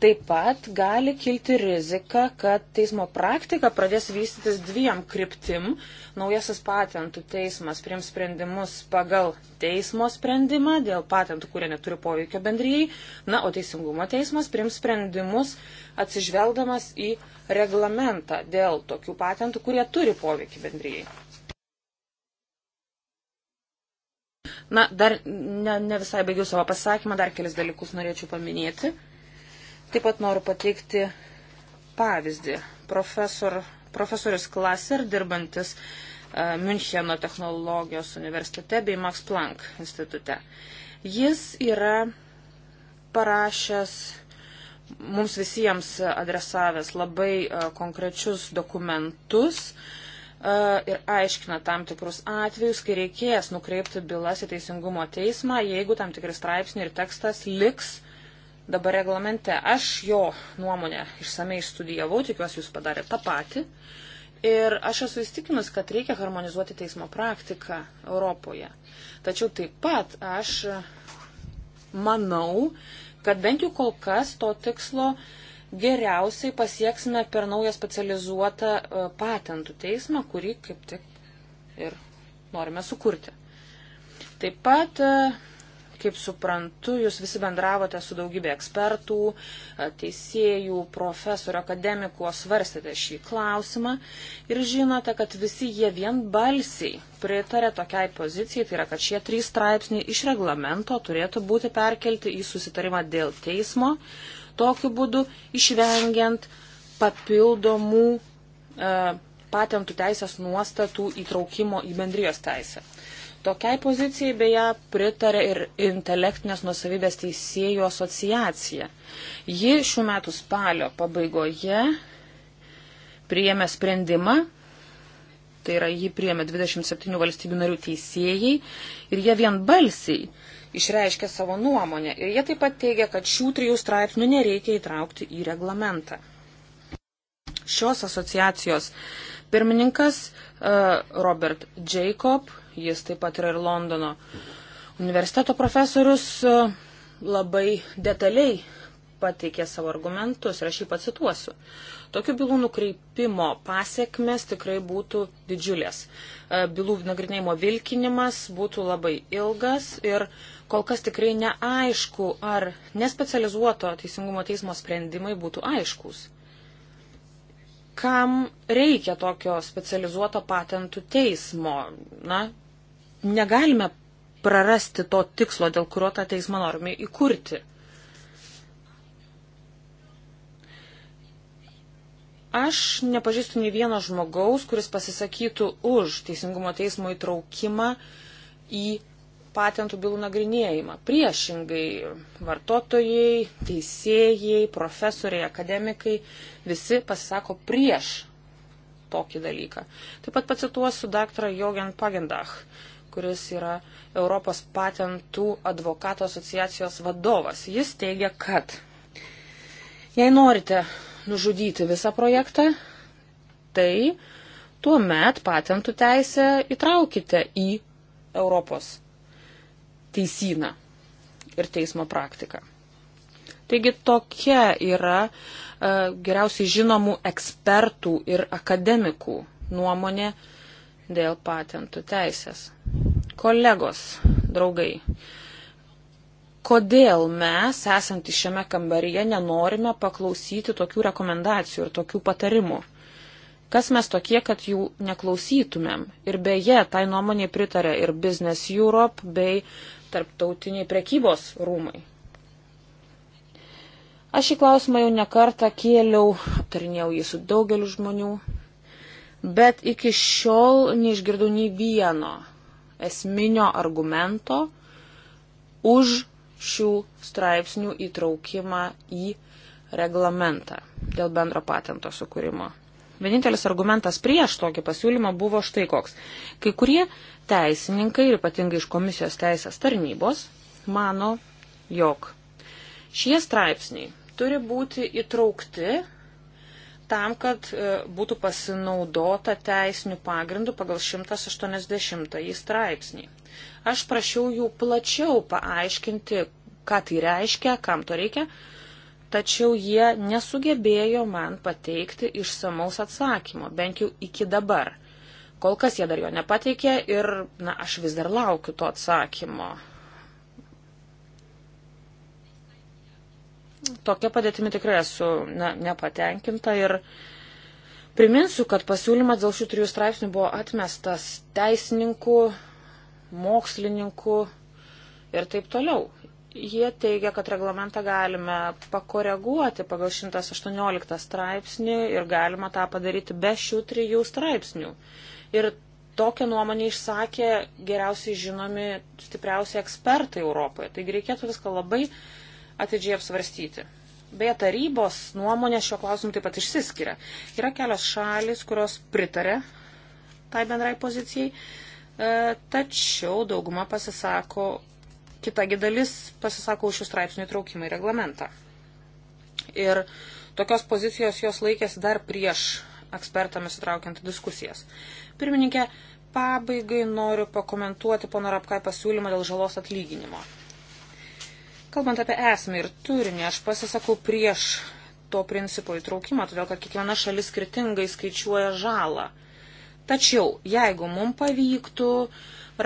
Taip pat gali kilti rizika, kad teismo praktika pradės vystytis dviem kryptim. Naujasis patentų teismas priims sprendimus pagal teismo sprendimą dėl patentų, kurie neturi poveikio bendryjai. Na, o teisingumo teismas priims sprendimus atsižvelgdamas į reglamentą dėl tokių patentų, kurie turi poveikį bendryjai. Na, dar ne, ne visai baigiau savo pasakymą, dar kelis dalykus norėčiau paminėti. Taip pat noriu pateikti pavyzdį. Profesor, profesorius Klaser, dirbantis uh, Müncheno technologijos universitete bei Max Planck institute. Jis yra parašęs mums visiems adresavęs labai uh, konkrečius dokumentus uh, ir aiškina tam tikrus atvejus, kai reikės nukreipti bylas į Teisingumo teismą, jeigu tam tikri straipsniai ir tekstas liks uh, dabar reglamente. Aš jo nuomonę išsamei išstudijavau, tikiuosi jūs padarė tą patį. Ir aš esu įstikinus, kad reikia harmonizuoti teismo praktiką Europoje. Tačiau taip pat aš manau, kad bent jau kol kas to tikslo geriausiai pasieksime per naują specializuotą e, patentų teismą, kurį kaip tik ir norime sukurti. Taip pat e, Kaip suprantu, jūs visi bendravote su daugybė ekspertų, e, teisėjų, profesorių, akademikų, svarstėte šį klausimą ir žinote, kad visi jie vien balsiai pritarė tokiai pozicijai, tai yra, kad šie trys straipsniai iš reglamento turėtų būti perkelti į susitarimą dėl teismo, tokiu būdu išvengiant papildomų e, patentų teisės nuostatų įtraukimo į bendrijos teisę. Tokiai pozicijai beje pritarė ir intelektinės nusavybės teisėjų asociacija. Ji šių metų spalio pabaigoje priėmė sprendimą, tai yra jį priėmė 27 valstybių narių teisėjai ir jie vienbalsiai išreiškė savo nuomonę ir jie taip pat teigia, kad šių trijų straipsnių nereikia įtraukti į reglamentą. Šios asociacijos pirmininkas e, Robert Jacob jis taip pat yra ir Londono universiteto profesorius, e, labai detaliai pateikė savo argumentus ir aš jį pacituosiu. Tokių bylų nukreipimo pasiekmes tikrai būtų didžiulės. E, bylų nagrinėjimo vilkinimas būtų labai ilgas ir kol kas tikrai neaišku, ar nespecializuoto teisingumo teismo sprendimai būtų aiškus. Kam reikia tokio specializuoto patentų teismo? Na, negalime prarasti to tikslo, dėl kurio tą teismą norime įkurti. Aš nepažįstu nei vieno žmogaus, kuris pasisakytų už Teisingumo teismo įtraukimą į patentų bylų nagrinėjimą. Priešingai, vartotojai, teisėjai, profesoriai, akademikai visi pasisako prieš tokį dalyką. Taip pat pacituosiu daktarą Jogen Pagendach, kuris yra Europos patentų advokato asociacijos vadovas. Jis teigia, kad jei norite nužudyti visą projektą, tai tuo met patentų teisę įtraukite į Europos teisyną ir teismo praktiką. Taigi tokia yra uh, geriausiai žinomų ekspertų ir akademikų nuomonė dėl patentų teisės. Kolegos, draugai, kodėl mes, esantys šiame kambaryje, nenorime paklausyti tokių rekomendacijų ir tokių patarimų? Kas mes tokie, kad jų neklausytumėm? Ir beje, tai nuomonė pritarė ir Business Europe bei tarptautiniai prekybos rūmai. Aš šį klausimą jau nekartą kėliau, aptarinėjau jį su daugeliu žmonių, bet iki šiol neišgirdau nei vieno esminio argumento už šių straipsnių įtraukimą į reglamentą dėl bendro patento sukūrimo. Vienintelis argumentas prieš tokį pasiūlymą buvo štai koks. Kai kurie teisininkai, ypatingai iš komisijos teisės tarnybos, mano, jog šie straipsniai turi būti įtraukti tam, kad e, būtų pasinaudota teisinių pagrindų pagal 180 straipsnį. Aš prašiau jų plačiau paaiškinti, ką tai reiškia, kam to reikia, tačiau jie nesugebėjo man pateikti išsamaus atsakymo, bent jau iki dabar. Kol kas jie dar jo nepateikė ir, na, aš vis dar laukiu to atsakymo. tokia padėtimi tikrai esu na, nepatenkinta ir priminsiu, kad pasiūlymas dėl šių trijų straipsnių buvo atmestas teisininkų, mokslininkų ir taip toliau. Jie teigia, kad reglamentą galime pakoreguoti pagal 118 straipsnį ir galima tą padaryti be šių trijų straipsnių. Ir tokią nuomonę išsakė geriausiai žinomi stipriausi ekspertai Europoje. Taigi reikėtų viską labai atidžiai apsvarstyti. Beje, tarybos nuomonė šio klausimu taip pat išsiskiria. Yra kelios šalis, kurios pritarė tai bendrai pozicijai, e, tačiau dauguma pasisako, kitagi dalis pasisako už šių straipsnių įtraukimą į reglamentą. Ir tokios pozicijos jos laikėsi dar prieš ekspertams įtraukiant diskusijas. Pirmininkė, pabaigai noriu pakomentuoti pono Rapkai pasiūlymą dėl žalos atlyginimo. Kalbant apie esmę ir turinį, aš pasisakau prieš to principo įtraukimą, todėl kad kiekviena šalis skirtingai skaičiuoja žalą. Tačiau, jeigu mums pavyktų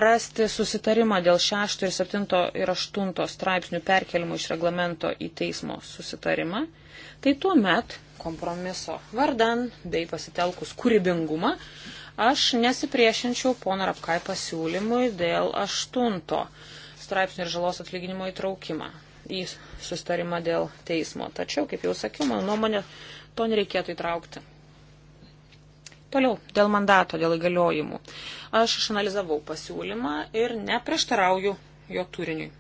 rasti susitarimą dėl 6 ir 7 ir 8 straipsnių perkelimo iš reglamento į teismo susitarimą, tai tuo met kompromiso vardan bei pasitelkus kūrybingumą aš nesipriešinčiau pono Rapkai pasiūlymui dėl 8 straipsnių ir žalos atlyginimo įtraukimą į sustarimą dėl teismo. Tačiau, kaip jau sakiau, mano nuomonė, to nereikėtų įtraukti. Toliau, dėl mandato, dėl įgaliojimų. Aš išanalizavau pasiūlymą ir neprieštarauju jo turiniui.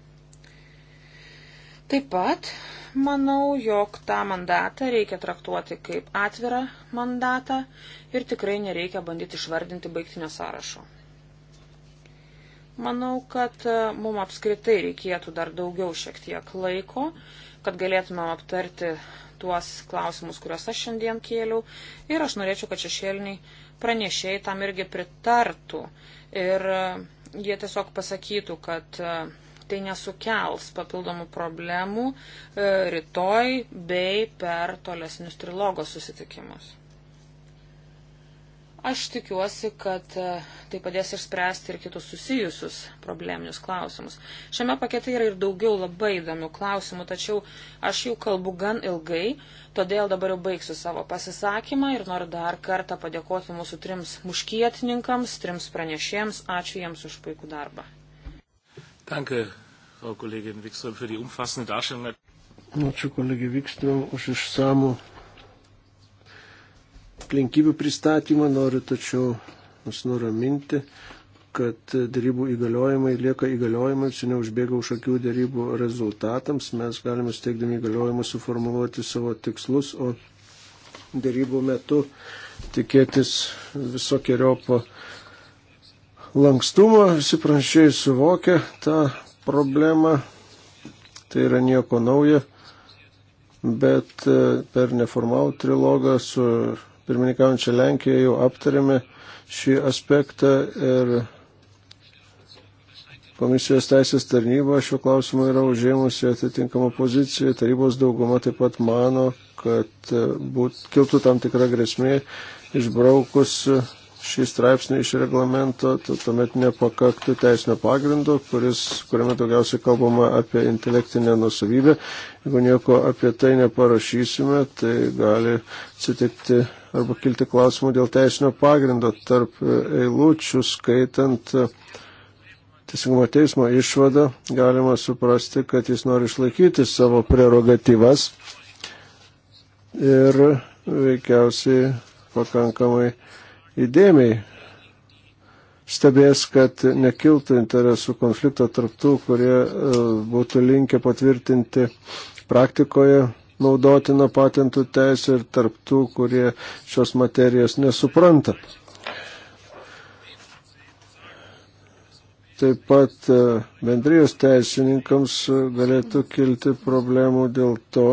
Taip pat manau, jog tą mandatą reikia traktuoti kaip atvirą mandatą ir tikrai nereikia bandyti išvardinti baigtinio sąrašo. Manau, kad e, mums apskritai reikėtų dar daugiau šiek tiek laiko, kad galėtumėm aptarti tuos klausimus, kuriuos aš šiandien kėliau. Ir aš norėčiau, kad šešėliniai pranešėjai tam irgi pritartų. Ir e, jie tiesiog pasakytų, kad e, tai nesukels papildomų problemų rytoj bei per tolesnius trilogo susitikimus. Aš tikiuosi, kad e, tai padės išspręsti ir kitus susijusius probleminius klausimus. Šiame pakete yra ir daugiau labai įdomių klausimų, tačiau aš jų kalbu gan ilgai, todėl dabar jau baigsiu savo pasisakymą ir noriu dar kartą padėkoti mūsų trims muškietininkams, trims pranešėjams. Ačiū jiems už puikų darbą. Danke, Frau Kollegin Wikström, für die umfassende Darstellung. Ačiū kolegė Vikstrom už išsamų aplinkybių pristatymą, noriu tačiau mus nuraminti, kad darybų įgaliojimai lieka įgaliojimai, čia neužbėga už akių darybų rezultatams, mes galime steigdami įgaliojimus suformuoluoti savo tikslus, o darybų metu tikėtis visokiojopo lankstumo, visi pranšiai suvokia tą problemą, tai yra nieko naujo, bet e, per neformalų trilogą su pirmininkaujančią Lenkiją jau aptarėme šį aspektą ir komisijos teisės tarnyba šiuo klausimu yra užėmusi atitinkamą poziciją. Tarybos dauguma taip pat mano, kad e, būt, kiltų tam tikra grėsmė išbraukus e, šį straipsnį iš reglamento, tuomet nepakaktų teisinio pagrindo, kuris, kuriame daugiausiai kalbama apie intelektinę nusavybę. Jeigu nieko apie tai neparašysime, tai gali atsitikti arba kilti klausimų dėl teisinio pagrindo tarp e, eilučių skaitant e, teisingumo teismo išvadą, galima suprasti, kad jis nori išlaikyti savo prerogatyvas ir veikiausiai pakankamai įdėmiai stebės, kad nekiltų interesų konflikto tarptų, kurie e, būtų linkę patvirtinti praktikoje naudotina patentų teisė ir tarp tų, kurie šios materijos nesupranta. Taip pat e, bendrijos teisininkams galėtų kilti problemų dėl to,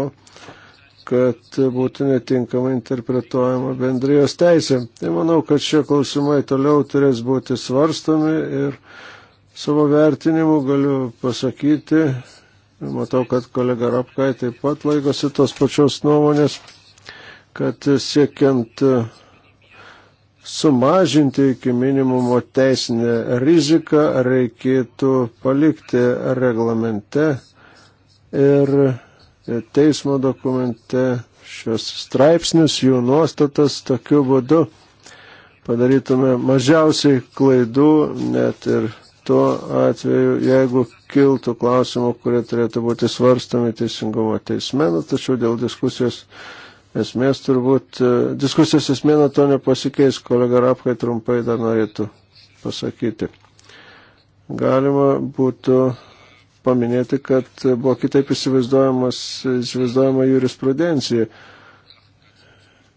kad būtų netinkamai interpretuojama bendrijos teisė. Tai manau, kad šie klausimai toliau turės būti svarstomi ir savo vertinimu galiu pasakyti, Matau, kad kolega Rapkai taip pat laikosi tos pačios nuomonės, kad siekiant e, sumažinti iki minimumo teisinę riziką reikėtų palikti reglamente ir teismo dokumente šios straipsnius, jų nuostatas tokiu būdu padarytume mažiausiai klaidų, net ir tuo atveju, jeigu kiltų klausimų, kurie turėtų būti svarstami teisingumo teisme, tačiau dėl diskusijos esmės turbūt, e, diskusijos esmė nuo to nepasikeis, kolega Rapkai trumpai dar norėtų pasakyti. Galima būtų paminėti, kad buvo kitaip įsivaizduojama jurisprudencija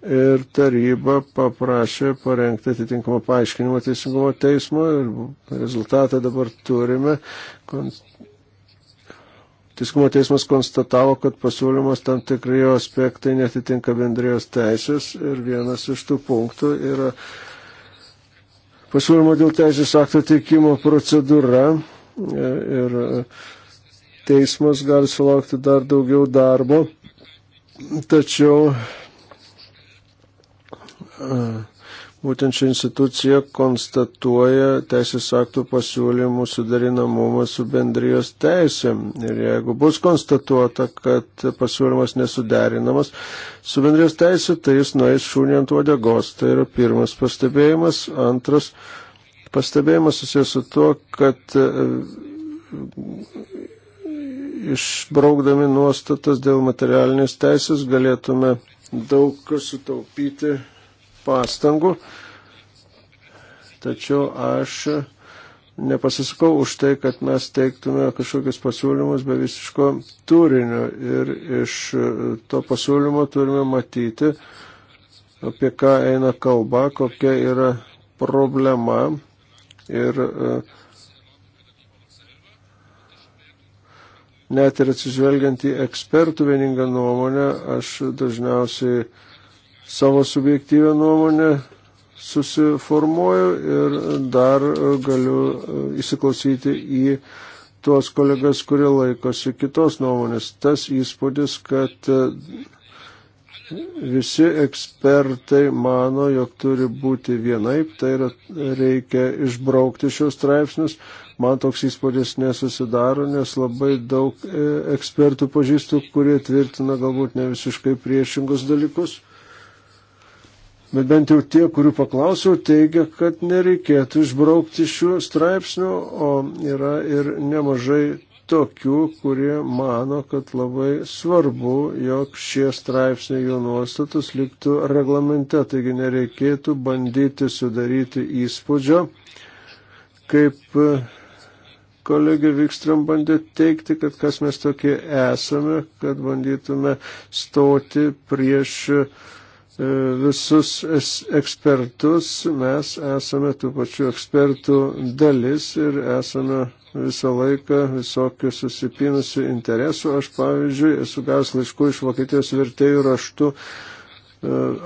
ir taryba paprašė parengti atitinkamą paaiškinimą teisingumo teismo ir rezultatą dabar turime. Teisingumo teismas konstatavo, kad pasiūlymas tam tikrai jo aspektai netitinka bendrijos teisės ir vienas iš tų punktų yra pasiūlymo dėl teisės akto teikimo procedūra ir teismas gali sulaukti dar daugiau darbo, tačiau Būtent ši institucija konstatuoja teisės aktų pasiūlymų sudarinamumą su bendrijos teisė. Ir jeigu bus konstatuota, kad pasiūlymas nesuderinamas su bendrijos teisė, tai jis nueis šūnį ant uodegos. Tai yra pirmas pastebėjimas. Antras pastebėjimas susijęs su tuo, kad e, išbraukdami nuostatas dėl materialinės teisės galėtume daug sutaupyti pastangų, tačiau aš nepasisakau už tai, kad mes teiktume kažkokius pasiūlymus be visiško turinio ir iš to pasiūlymo turime matyti, apie ką eina kalba, kokia yra problema ir e, net ir atsižvelgiant į ekspertų vieningą nuomonę, aš dažniausiai savo subjektyvę nuomonę susiformuoju ir dar e, galiu e, įsiklausyti į tuos kolegas, kurie laikosi kitos nuomonės. Tas įspūdis, kad e, visi ekspertai mano, jog turi būti vienaip, tai yra, reikia išbraukti šios straipsnius. Man toks įspūdis nesusidaro, nes labai daug ekspertų pažįstu, kurie tvirtina galbūt ne visiškai priešingus dalykus bet bent jau tie, kurių paklausiau, teigia, kad nereikėtų išbraukti šių straipsnių, o yra ir nemažai tokių, kurie mano, kad labai svarbu, jog šie straipsniai jų nuostatus liktų reglamente, taigi nereikėtų bandyti sudaryti įspūdžio, kaip e, kolegė Vikstram bandė teikti, kad kas mes tokie esame, kad bandytume stoti prieš uh, E, visus ekspertus, mes esame tų pačių ekspertų dalis ir esame visą laiką visokių susipinusių interesų. Aš, pavyzdžiui, esu gavęs laiškų iš Vokietijos vertėjų raštų e,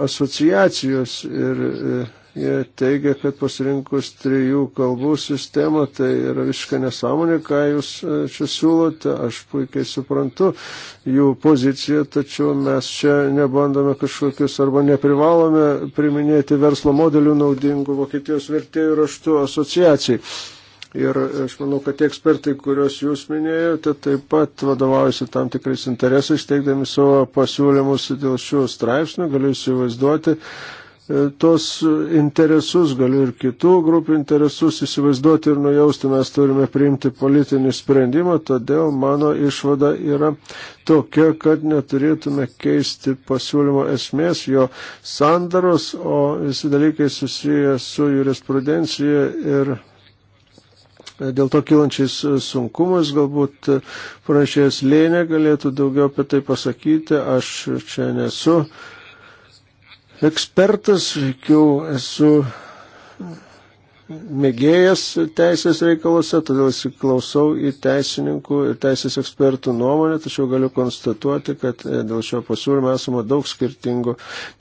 asociacijos ir e, Jie teigia, kad pasirinkus trijų kalbų sistemą, tai yra visiškai nesąmonė, ką jūs e, čia siūlote. Aš puikiai suprantu jų poziciją, tačiau mes čia nebandome kažkokius arba neprivalome priminėti verslo modelių naudingų Vokietijos vertėjų raštų asociacijai. Ir aš manau, kad tie ekspertai, kuriuos jūs minėjote, taip pat vadovaujasi tam tikrais interesais, teikdami savo pasiūlymus dėl šių straipsnių. Galiu įsivaizduoti, E, tos interesus, galiu ir kitų grupių interesus įsivaizduoti ir nujausti, mes turime priimti politinį sprendimą, todėl mano išvada yra tokia, kad neturėtume keisti pasiūlymo esmės, jo sandaros, o visi dalykai susiję su jurisprudencija ir e, dėl to kilančiais sunkumais, galbūt pranešėjas Lėnė galėtų daugiau apie tai pasakyti, aš čia nesu ekspertas, veikiau esu mėgėjas teisės reikalose, todėl įsiklausau į teisininkų ir teisės ekspertų nuomonę, tačiau galiu konstatuoti, kad e, dėl šio pasiūlymo esama daug skirtingų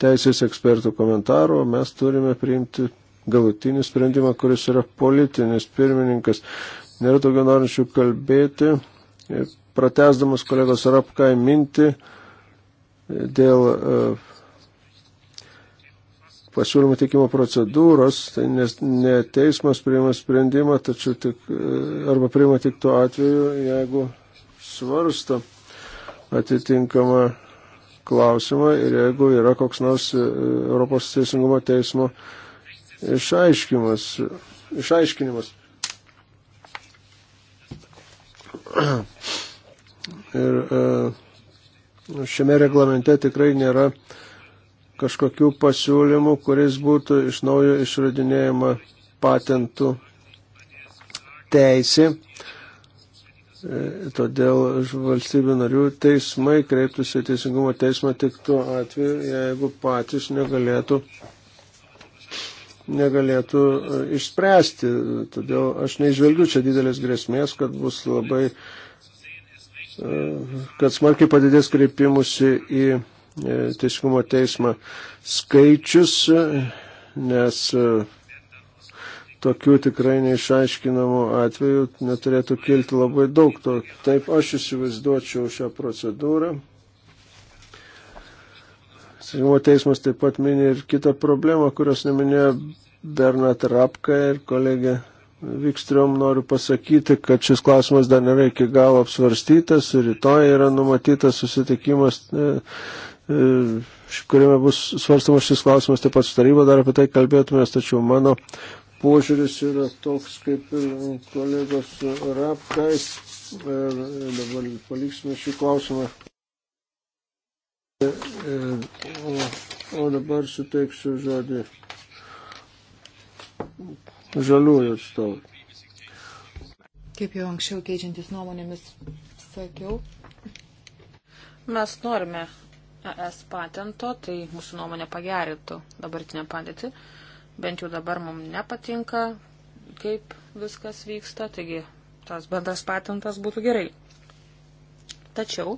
teisės ekspertų komentarų, o mes turime priimti galutinį sprendimą, kuris yra politinis pirmininkas. Nėra daugiau norinčių kalbėti. E, pratesdamas kolegos Rapkai mintį e, dėl uh, pasiūlymų teikimo procedūros, tai nes, ne teismas priima sprendimą, tačiau tik, e, arba priima tik tuo atveju, jeigu svarsto atitinkamą klausimą ir jeigu yra koks nors e, Europos teisingumo teismo išaiškinimas. išaiškinimas. Ir e, šiame reglamente tikrai nėra uh, kažkokių pasiūlymų, kuris būtų iš naujo išradinėjama patentų teisė. E, todėl valstybių narių teismai kreiptųsi į teisingumo teismą tik tuo atveju, jeigu patys negalėtų, negalėtų e, išspręsti. Todėl aš neižvelgiu čia didelės grėsmės, kad bus labai, e, kad smarkiai padidės kreipimusi į E, teisingumo teismą skaičius, e, nes e, tokių tikrai neišaiškinamų atvejų neturėtų kilti labai daug. To. Taip aš įsivaizduočiau šią procedūrą. Teisingumo teismas taip pat mini ir kitą problemą, kurios neminėjo Bernat Rapka ir kolegė Vikstriom noriu pasakyti, kad šis klausimas dar nėra iki galo apsvarstytas. Rytoj yra numatytas susitikimas E, kuriame bus svarstamas šis klausimas, taip pat su taryba dar apie tai kalbėtumės, tačiau mano požiūris yra toks kaip ir kolegos Rapkais. Ir e, dabar paliksime šį klausimą. O, e, o dabar suteiksiu žodį žaliųjų atstovui. Kaip jau anksčiau keičiantis nuomonėmis sakiau, mes norime ES patento, tai mūsų nuomonė pagerintų dabartinę padėtį. Bent jau dabar mums nepatinka, kaip viskas vyksta, taigi tas bendras patentas būtų gerai. Tačiau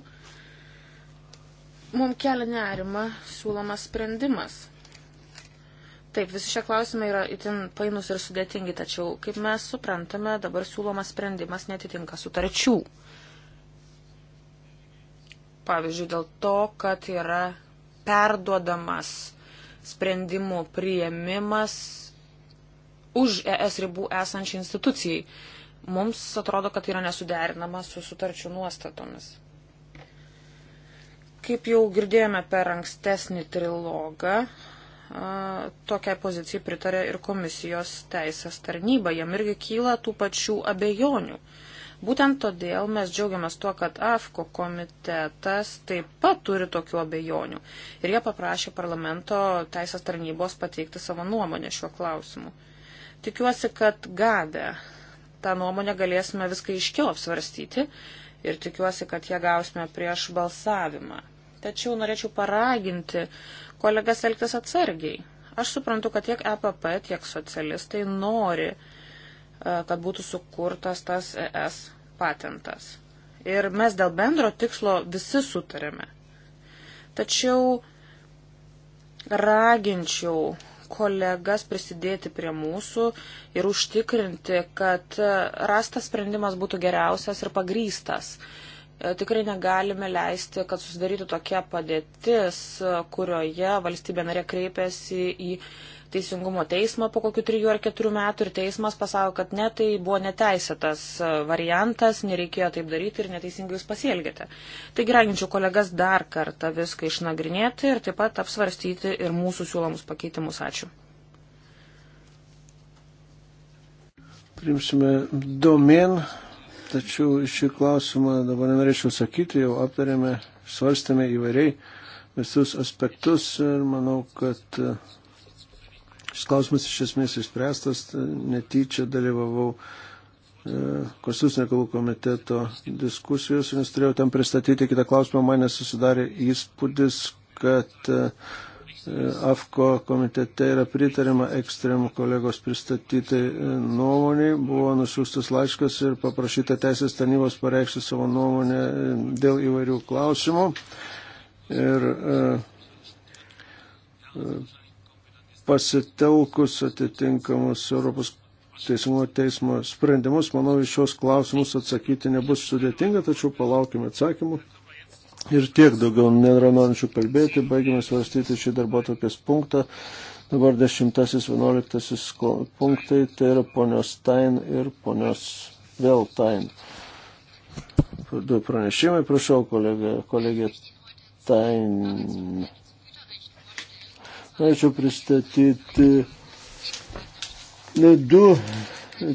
mums kelia nerima siūlomas sprendimas. Taip, visi šie klausimai yra itin painus ir sudėtingi, tačiau, kaip mes suprantame, dabar siūlomas sprendimas netitinka sutarčių pavyzdžiui, dėl to, kad yra perduodamas sprendimų prieimimas už ES ribų esančiai institucijai. Mums atrodo, kad tai yra nesuderinama su sutarčių nuostatomis. Kaip jau girdėjome per ankstesnį trilogą, tokiai pozicijai pritarė ir komisijos teisės tarnyba. Jam irgi kyla tų pačių abejonių. Būtent todėl mes džiaugiamės tuo, kad AFKO komitetas taip pat turi tokių abejonių ir jie paprašė parlamento teisės tarnybos pateikti savo nuomonę šiuo klausimu. Tikiuosi, kad gavę tą nuomonę galėsime viską iškiau apsvarstyti ir tikiuosi, kad ją gausime prieš balsavimą. Tačiau norėčiau paraginti kolegas elgtis atsargiai. Aš suprantu, kad tiek EPP, tiek socialistai nori uh, E, kad būtų sukurtas tas ES patentas. Ir mes dėl bendro tikslo visi sutarėme. Tačiau raginčiau kolegas prisidėti prie mūsų ir užtikrinti, kad rastas sprendimas būtų geriausias ir pagrystas. E, tikrai negalime leisti, kad susidarytų tokia padėtis, kurioje valstybė narė kreipiasi į teisingumo teismą po kokių trijų ar keturių metų ir teismas pasako, kad ne, tai buvo neteisėtas e, variantas, nereikėjo taip daryti ir neteisingai jūs pasielgėte. Taigi raginčiau kolegas dar kartą viską išnagrinėti ir taip pat apsvarstyti ir mūsų siūlomus pakeitimus. Ačiū. Primsime domen, tačiau šį klausimą dabar nenorėčiau sakyti, jau aptarėme, svarstėme įvairiai visus aspektus ir manau, kad Šis klausimas iš esmės išspręstas, tai netyčia dalyvavau e, Konstitucinio kalų komiteto diskusijos, nes turėjau ten pristatyti kitą klausimą, man nesusidarė įspūdis, kad e, AFKO komitete yra pritarima ekstremų kolegos pristatytai e, nuomoniai. Buvo nusiųstas laiškas ir paprašyta teisės tarnybos pareikšti savo nuomonę dėl įvairių klausimų. Ir pasitelkus atitinkamus Europos teisingumo teismo sprendimus. Manau, iš šios klausimus atsakyti nebus sudėtinga, tačiau palaukime atsakymų. Ir tiek daugiau nėra norinčių kalbėti. Baigime svarstyti šį darbo tokias punktą. Dabar 10.11 punktai, tai yra ponios Tain ir ponios vėl Tain. Du pranešimai, prašau, kolegė, kolegė Tain. Norėčiau pristatyti du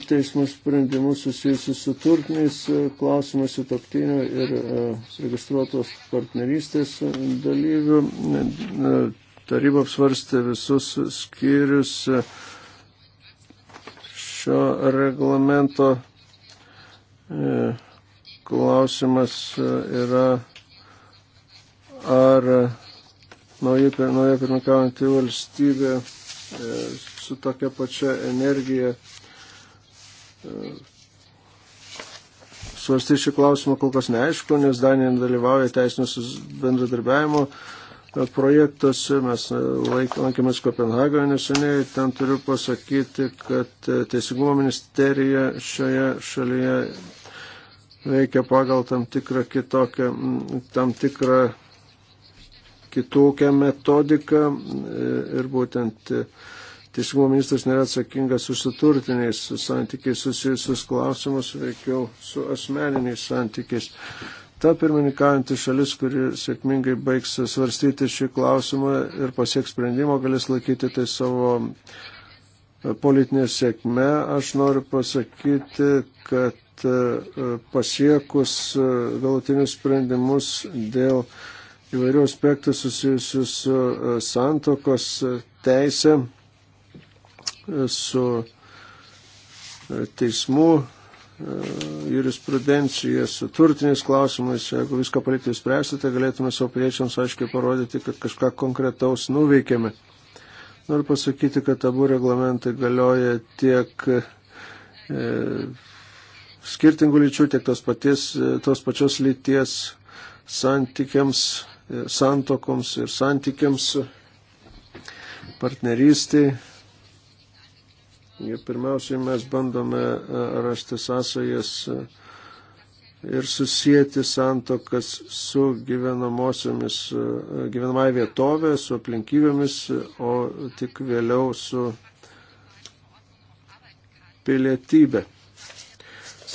teismo sprendimus susijusius su turtiniais e, klausimais sutoktinio ir e, registruotos partnerystės dalyvių. E, taryba apsvarstė visus skyrius šio reglamento. Klausimas yra, ar nauja, nauja pirmikaujanti valstybė e, su tokia pačia energija e, svarstyti šį klausimą kol kas neaišku, nes Danija nedalyvauja teisinės bendradarbiavimo e, projektuose. Mes laik, lankėmės Kopenhagoje neseniai, ten turiu pasakyti, kad Teisingumo ministerija šioje šalyje veikia pagal tam tikrą kitokią, tam tikrą kitokią metodiką e, ir būtent e, teisingumo ministras nėra atsakingas už suturtiniais su santykiais susijusius klausimus, veikiau su asmeniniais santykiais. Ta pirmininkaujanti šalis, kuri sėkmingai baigs svarstyti šį klausimą ir pasieks sprendimo, galės laikyti tai savo e, politinė sėkme. Aš noriu pasakyti, kad pasiekus galutinius sprendimus dėl įvairių aspektų susijusių su e, santokos e, teisė, e, su teismų jurisprudencija, su turtiniais klausimais. Jeigu viską palikti įspręsti, tai galėtume savo piliečiams aiškiai parodyti, kad kažką konkretaus nuveikėme. Noriu pasakyti, kad abu reglamentai galioja tiek e, skirtingų lyčių, tiek tos, paties, tos pačios lyties santykiams santokoms ir santykiams, partnerystiai. Ir pirmiausiai mes bandome e, rasti sąsajas e, ir susijęti santokas su gyvenamosiomis, e, gyvenamąją vietovę, su aplinkybėmis, o tik vėliau su pilietybė.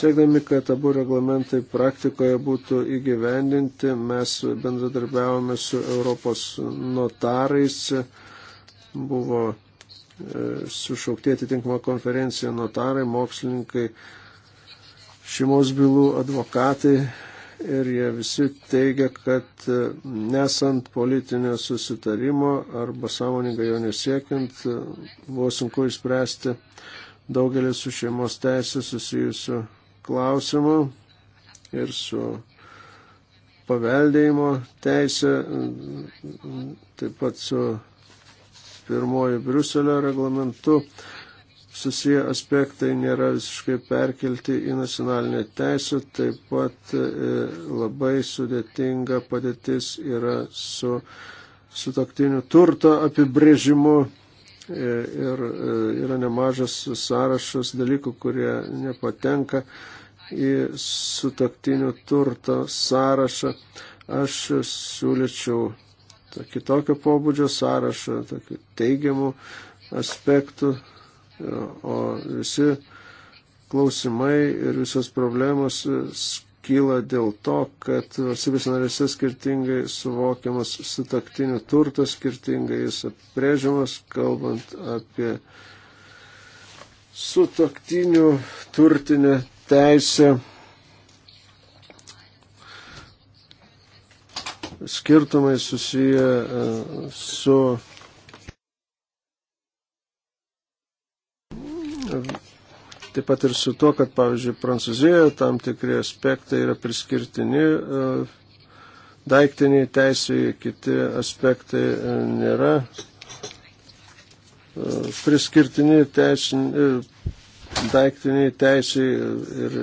Siekdami, kad abu reglamentai praktikoje būtų įgyvendinti, mes bendradarbiavome su Europos notarais, buvo e, sušaukti atitinkamą konferenciją notarai, mokslininkai, šeimos bylų advokatai ir jie visi teigia, kad e, nesant politinio susitarimo arba sąmoningai jo nesiekiant, e, buvo sunku išspręsti daugelis su šeimos teisė susijusių klausimu ir su paveldėjimo teisė, taip pat su pirmoju Briuselio reglamentu susiję aspektai nėra visiškai perkelti į nacionalinę teisę, taip pat e, labai sudėtinga padėtis yra su sutoktiniu turto apibrėžimu e, ir e, yra nemažas sąrašas dalykų, kurie nepatenka į sutaktinių turto sąrašą. Aš siūlyčiau kitokio pobūdžio sąrašą, tokių teigiamų aspektų, o visi klausimai ir visos problemos kyla dėl to, kad valstybės narėse skirtingai suvokiamas sutaktinių turtas, skirtingai jis aprėžiamas, kalbant apie sutaktinių turtinę teisė skirtumai susiję e, su taip pat ir su to, kad, pavyzdžiui, Prancūzijoje tam tikri aspektai yra priskirtini e, daiktiniai teisėjai, kiti aspektai e, nėra priskirtini teisin, daiktiniai teisiai ir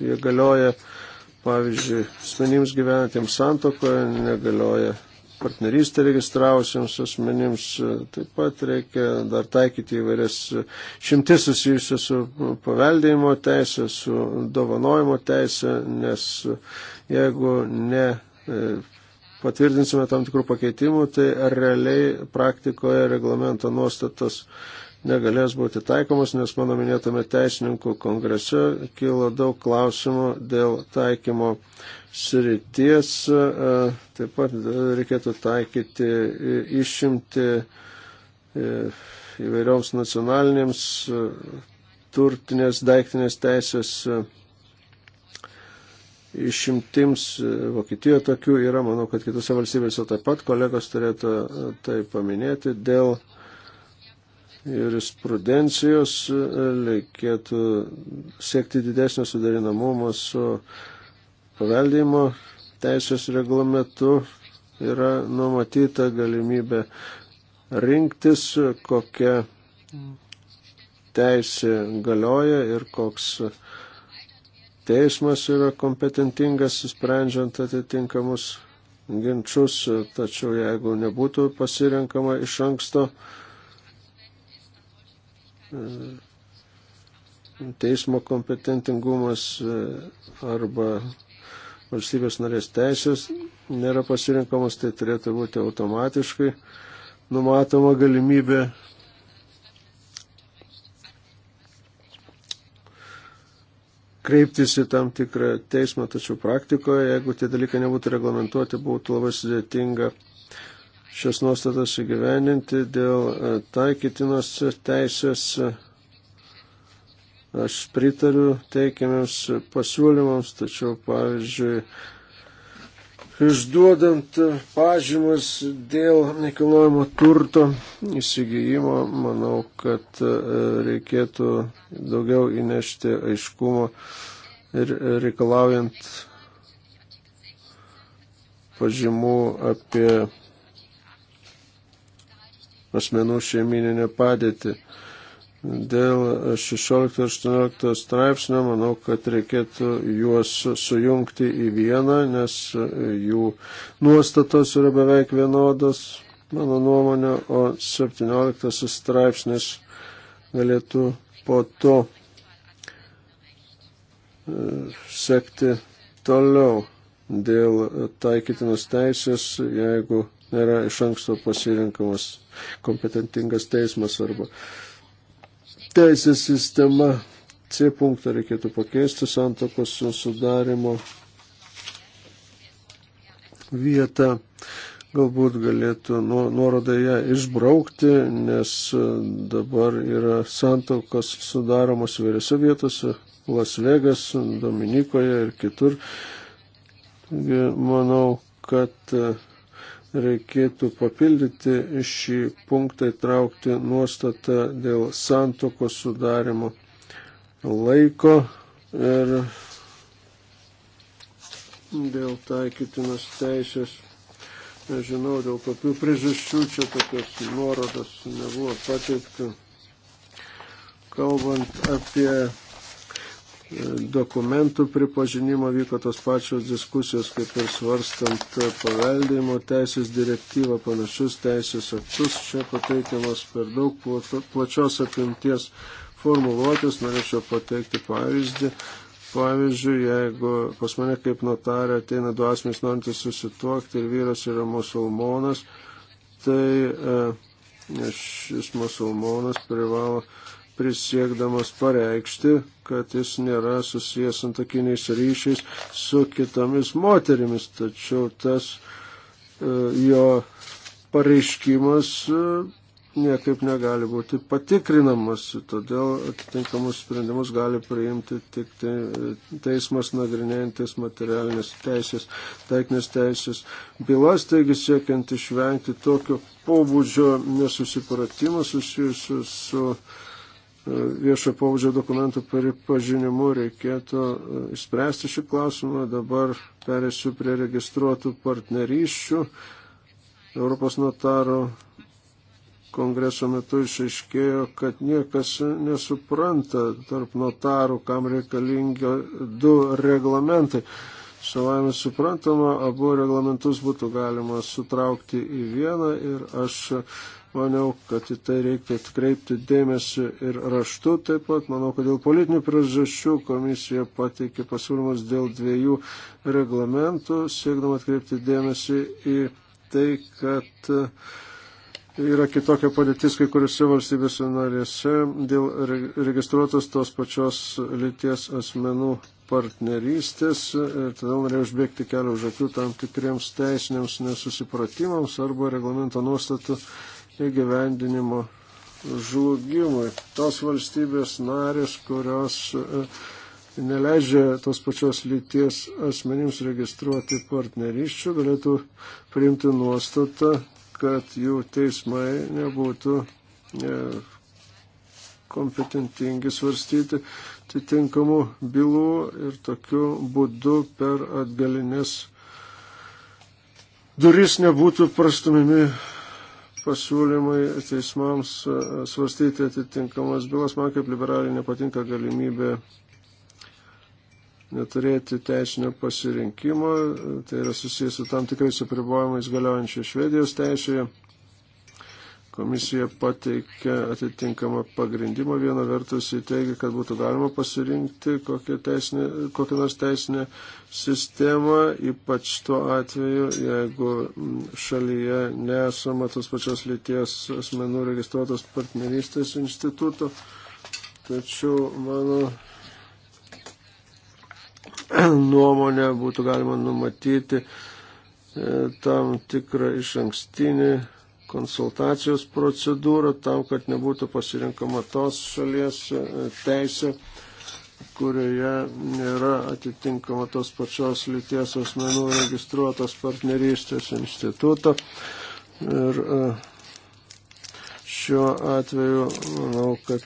jie galioja, pavyzdžiui, asmenims gyvenantiems santokoje, negalioja partnerystę registrausiems asmenims. Taip pat reikia dar taikyti įvairias šimtis susijusios su paveldėjimo teisė, su dovanojimo teisė, nes jeigu ne e, patvirtinsime tam tikrų pakeitimų, tai realiai praktikoje reglamento nuostatos negalės būti taikomas, nes mano minėtame teisininkų kongrese kilo daug klausimų dėl taikymo srities. E, taip pat reikėtų taikyti e, išimti e, įvairioms nacionalinėms turtinės daiktinės teisės išimtims Vokietijoje tokių yra, manau, kad kitose valstybėse taip pat kolegos turėtų tai paminėti dėl uh, jurisprudencijos e, reikėtų siekti didesnio sudarinamumo su paveldėjimo teisės reglamentu. Yra numatyta galimybė rinktis, kokia teisė galioja ir koks teismas yra kompetentingas, sprendžiant atitinkamus ginčius, tačiau jeigu nebūtų pasirenkama iš anksto, teismo kompetentingumas e, arba valstybės narės teisės nėra pasirinkamas, tai turėtų būti automatiškai numatoma galimybė kreiptis į tam tikrą teismą, tačiau praktikoje, jeigu tie dalykai nebūtų reglamentuoti, būtų labai sudėtinga šias nuostatas įgyveninti dėl e, taikytinos teisės. Aš pritariu teikiamiams pasiūlymams, tačiau, pavyzdžiui, išduodant pažymas dėl nekilnojamo turto įsigijimo, manau, kad e, reikėtų daugiau įnešti aiškumo ir reikalaujant pažymų apie asmenų šeimininę padėtį. Dėl 16-18 straipsnio manau, kad reikėtų juos sujungti į vieną, nes jų nuostatos yra beveik vienodos, mano nuomonė, o 17 straipsnis galėtų po to e, sekti toliau dėl taikytinos teisės, jeigu nėra iš anksto pasirinkamas kompetentingas teismas arba teisės sistema. C punktą reikėtų pakeisti santokos sudarimo vietą. Galbūt galėtų nu, nuorodą ją išbraukti, nes dabar yra santokas sudaromos vėliose vietose, Las Vegas, Dominikoje ir kitur. Manau, kad reikėtų papildyti šį punktą įtraukti nuostatą dėl santokos sudarimo laiko ir dėl taikytinos teisės. Nežinau, dėl kokių priežasčių čia tokios nuorodos nebuvo pateikta. Kalbant apie dokumentų pripažinimo vyko tos pačios diskusijos, kaip ir svarstant paveldėjimo teisės direktyvą, panašius teisės aktus. Čia pateikiamas per daug plačios apimties formuluotės, norėčiau pateikti pavyzdį. Pavyzdžiui, jeigu pas mane kaip notarė ateina du asmenys norintys susituokti ir vyras yra musulmonas, tai e, šis musulmonas privalo prisiekdamas pareikšti, kad jis nėra susijęs antakiniais ryšiais su kitomis moterimis. Tačiau tas e, jo pareiškimas e, niekaip negali būti patikrinamas, todėl atitinkamus sprendimus gali priimti tik te, e, teismas nagrinėjantis materialinės teisės, taikinės teisės bylas, taigi siekiant išvengti tokio pobūdžio nesusipratimą susijusiu su, su E, viešo paudžio dokumentų pripažinimu reikėtų e, išspręsti šį klausimą. Dabar perėsiu prie registruotų partnerysčių. Europos notaro kongreso metu išaiškėjo, kad niekas nesupranta tarp notarų, kam reikalingi du reglamentai. Savame suprantama, abu reglamentus būtų galima sutraukti į vieną ir aš Maniau, kad į tai reikia atkreipti dėmesį ir raštu. Taip pat manau, kad dėl politinių priežasčių komisija pateikė pasiūlymus dėl dviejų reglamentų, siekdama atkreipti dėmesį į tai, kad yra kitokia padėtis kai kuriuose valstybėse narėse dėl registruotos tos pačios lyties asmenų partnerystės, todėl norėjau užbėgti kelių žakių tam tikriems teisiniams nesusipratimams arba reglamento nuostatų įgyvendinimo žlugimui. Tos valstybės narės, kurios e, neleidžia tos pačios lyties asmenims registruoti partnerysčių, galėtų priimti nuostatą, kad jų teismai nebūtų e, kompetentingi svarstyti atitinkamų bylų ir tokiu būdu per atgalinės duris nebūtų prastumimi pasiūlymai teismams e, svarstyti atitinkamas bylas. Man kaip liberaliai nepatinka galimybė neturėti teisinio pasirinkimo. E, tai yra susijęs su tam tikrais apribojimais galiojančio Švedijos teisėje. Komisija pateikia atitinkamą pagrindimą. Viena vertus įteigia, kad būtų galima pasirinkti kokią, teisinę, kokią nors teisinę sistemą, ypač tuo atveju, jeigu šalyje nesama tos pačios lyties asmenų registruotos partnerystės instituto. Tačiau mano nuomonę būtų galima numatyti e, tam tikrą iš ankstinį konsultacijos procedūrą tam, kad nebūtų pasirinkama tos šalies e, teisė, kurioje nėra atitinkama tos pačios lyties asmenų registruotos partnerystės instituto. Ir e, šiuo atveju manau, kad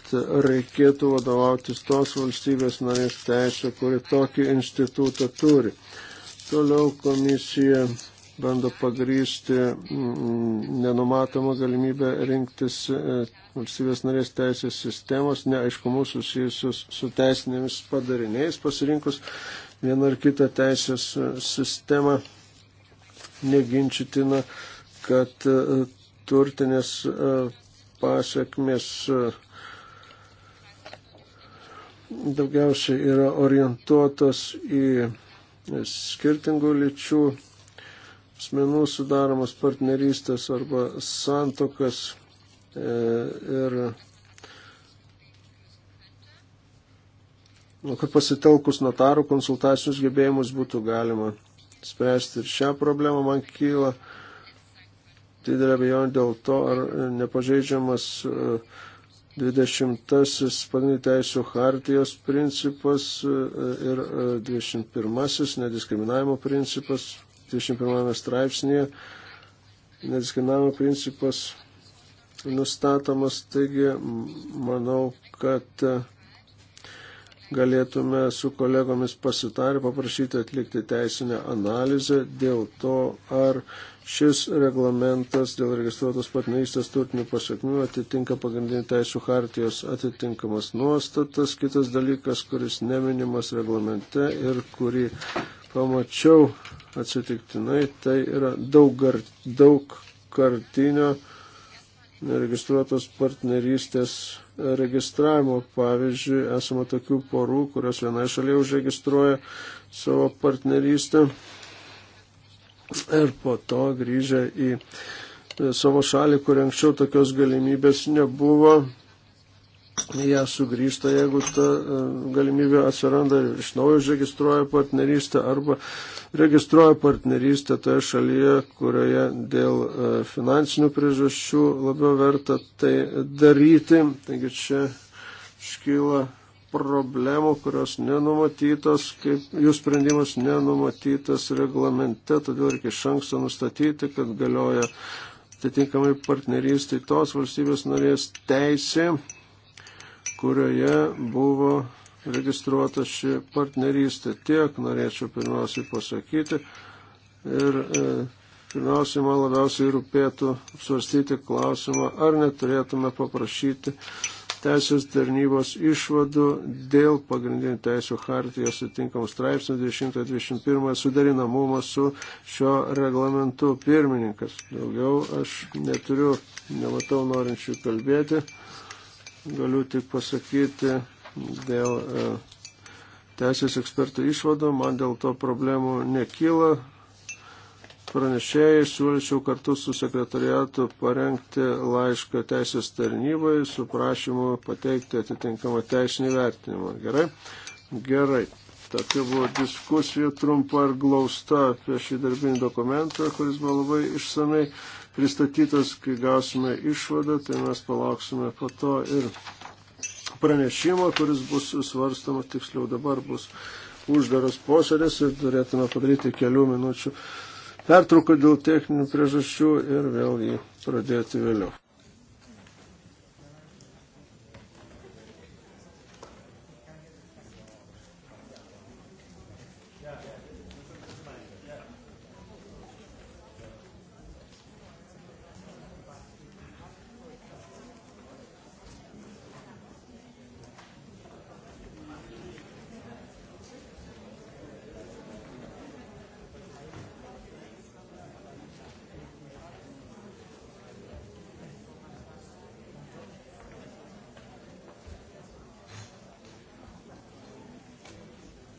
reikėtų vadovautis tos valstybės narės teisė, kuri tokį institutą turi. Toliau komisija bando pagrysti mm, nenumatomą galimybę rinktis e, valstybės narės teisės sistemos, neaiškumus susijusius su teisinėmis padariniais, pasirinkus vieną ar kitą teisės e, sistemą, neginčitina, kad e, turtinės pasiekmes daugiausiai yra orientuotos į skirtingų lyčių asmenų sudaromas partnerystės arba santokas e, ir nu, kad pasitelkus notarų konsultacinius gebėjimus būtų galima spręsti ir šią problemą. Man kyla didelė abejonė dėl to, ar nepažeidžiamas 20-asis e, pagrindinių teisų hartijos principas e, ir 21-asis nediskriminavimo principas 21 straipsnėje nediskriminavimo principas nustatomas, taigi manau, kad e, galėtume su kolegomis pasitarę paprašyti atlikti teisinę analizę dėl to, ar šis reglamentas dėl registruotos partnerystės turtinių pasiekmių atitinka pagrindinį teisų hartijos atitinkamas nuostatas. Kitas dalykas, kuris neminimas reglamente ir kurį pamačiau atsitiktinai, tai yra daug, daug kartinio registruotos partnerystės registravimo. Pavyzdžiui, esama tokių porų, kurios vienoje šalyje užregistruoja savo partnerystę ir po to grįžę į savo šalį, kur anksčiau tokios galimybės nebuvo, ją sugrįžta, jeigu ta e, galimybė atsiranda ir iš naujo užregistruoja partnerystę arba registruoja partnerystę toje šalyje, kurioje dėl e, finansinių priežasčių labiau verta tai daryti. Taigi čia iškyla problemų, kurios nenumatytos, kaip jų sprendimas nenumatytas reglamente, todėl reikia iš anksto nustatyti, kad galioja atitinkamai partnerystai tos valstybės norės teisė kurioje buvo registruota ši partnerystė. Tiek norėčiau pirmiausiai pasakyti. Ir e, pirmiausiai man labiausiai rūpėtų apsvarstyti klausimą, ar neturėtume paprašyti teisės tarnybos išvadų dėl pagrindinių teisų hartijos sutinkamų straipsnių 221 sudarinamumą su šio reglamentu pirmininkas. Daugiau aš neturiu, nematau norinčių kalbėti galiu tik pasakyti dėl e, teisės ekspertų išvadų, man dėl to problemų nekyla. Pranešėjai siūlyčiau kartu su sekretariatu parengti laišką teisės tarnybai su prašymu pateikti atitinkamą teisinį vertinimą. Gerai? Gerai. Tokia buvo diskusija trumpa ir glausta apie šį darbinį dokumentą, kuris buvo labai išsamei pristatytas, kai gausime išvadą, tai mes palauksime po to ir pranešimo, kuris bus svarstamas, tiksliau dabar bus uždaras posėdis ir turėtume padaryti kelių minučių pertrauką dėl techninių priežasčių ir vėl jį pradėti vėliau.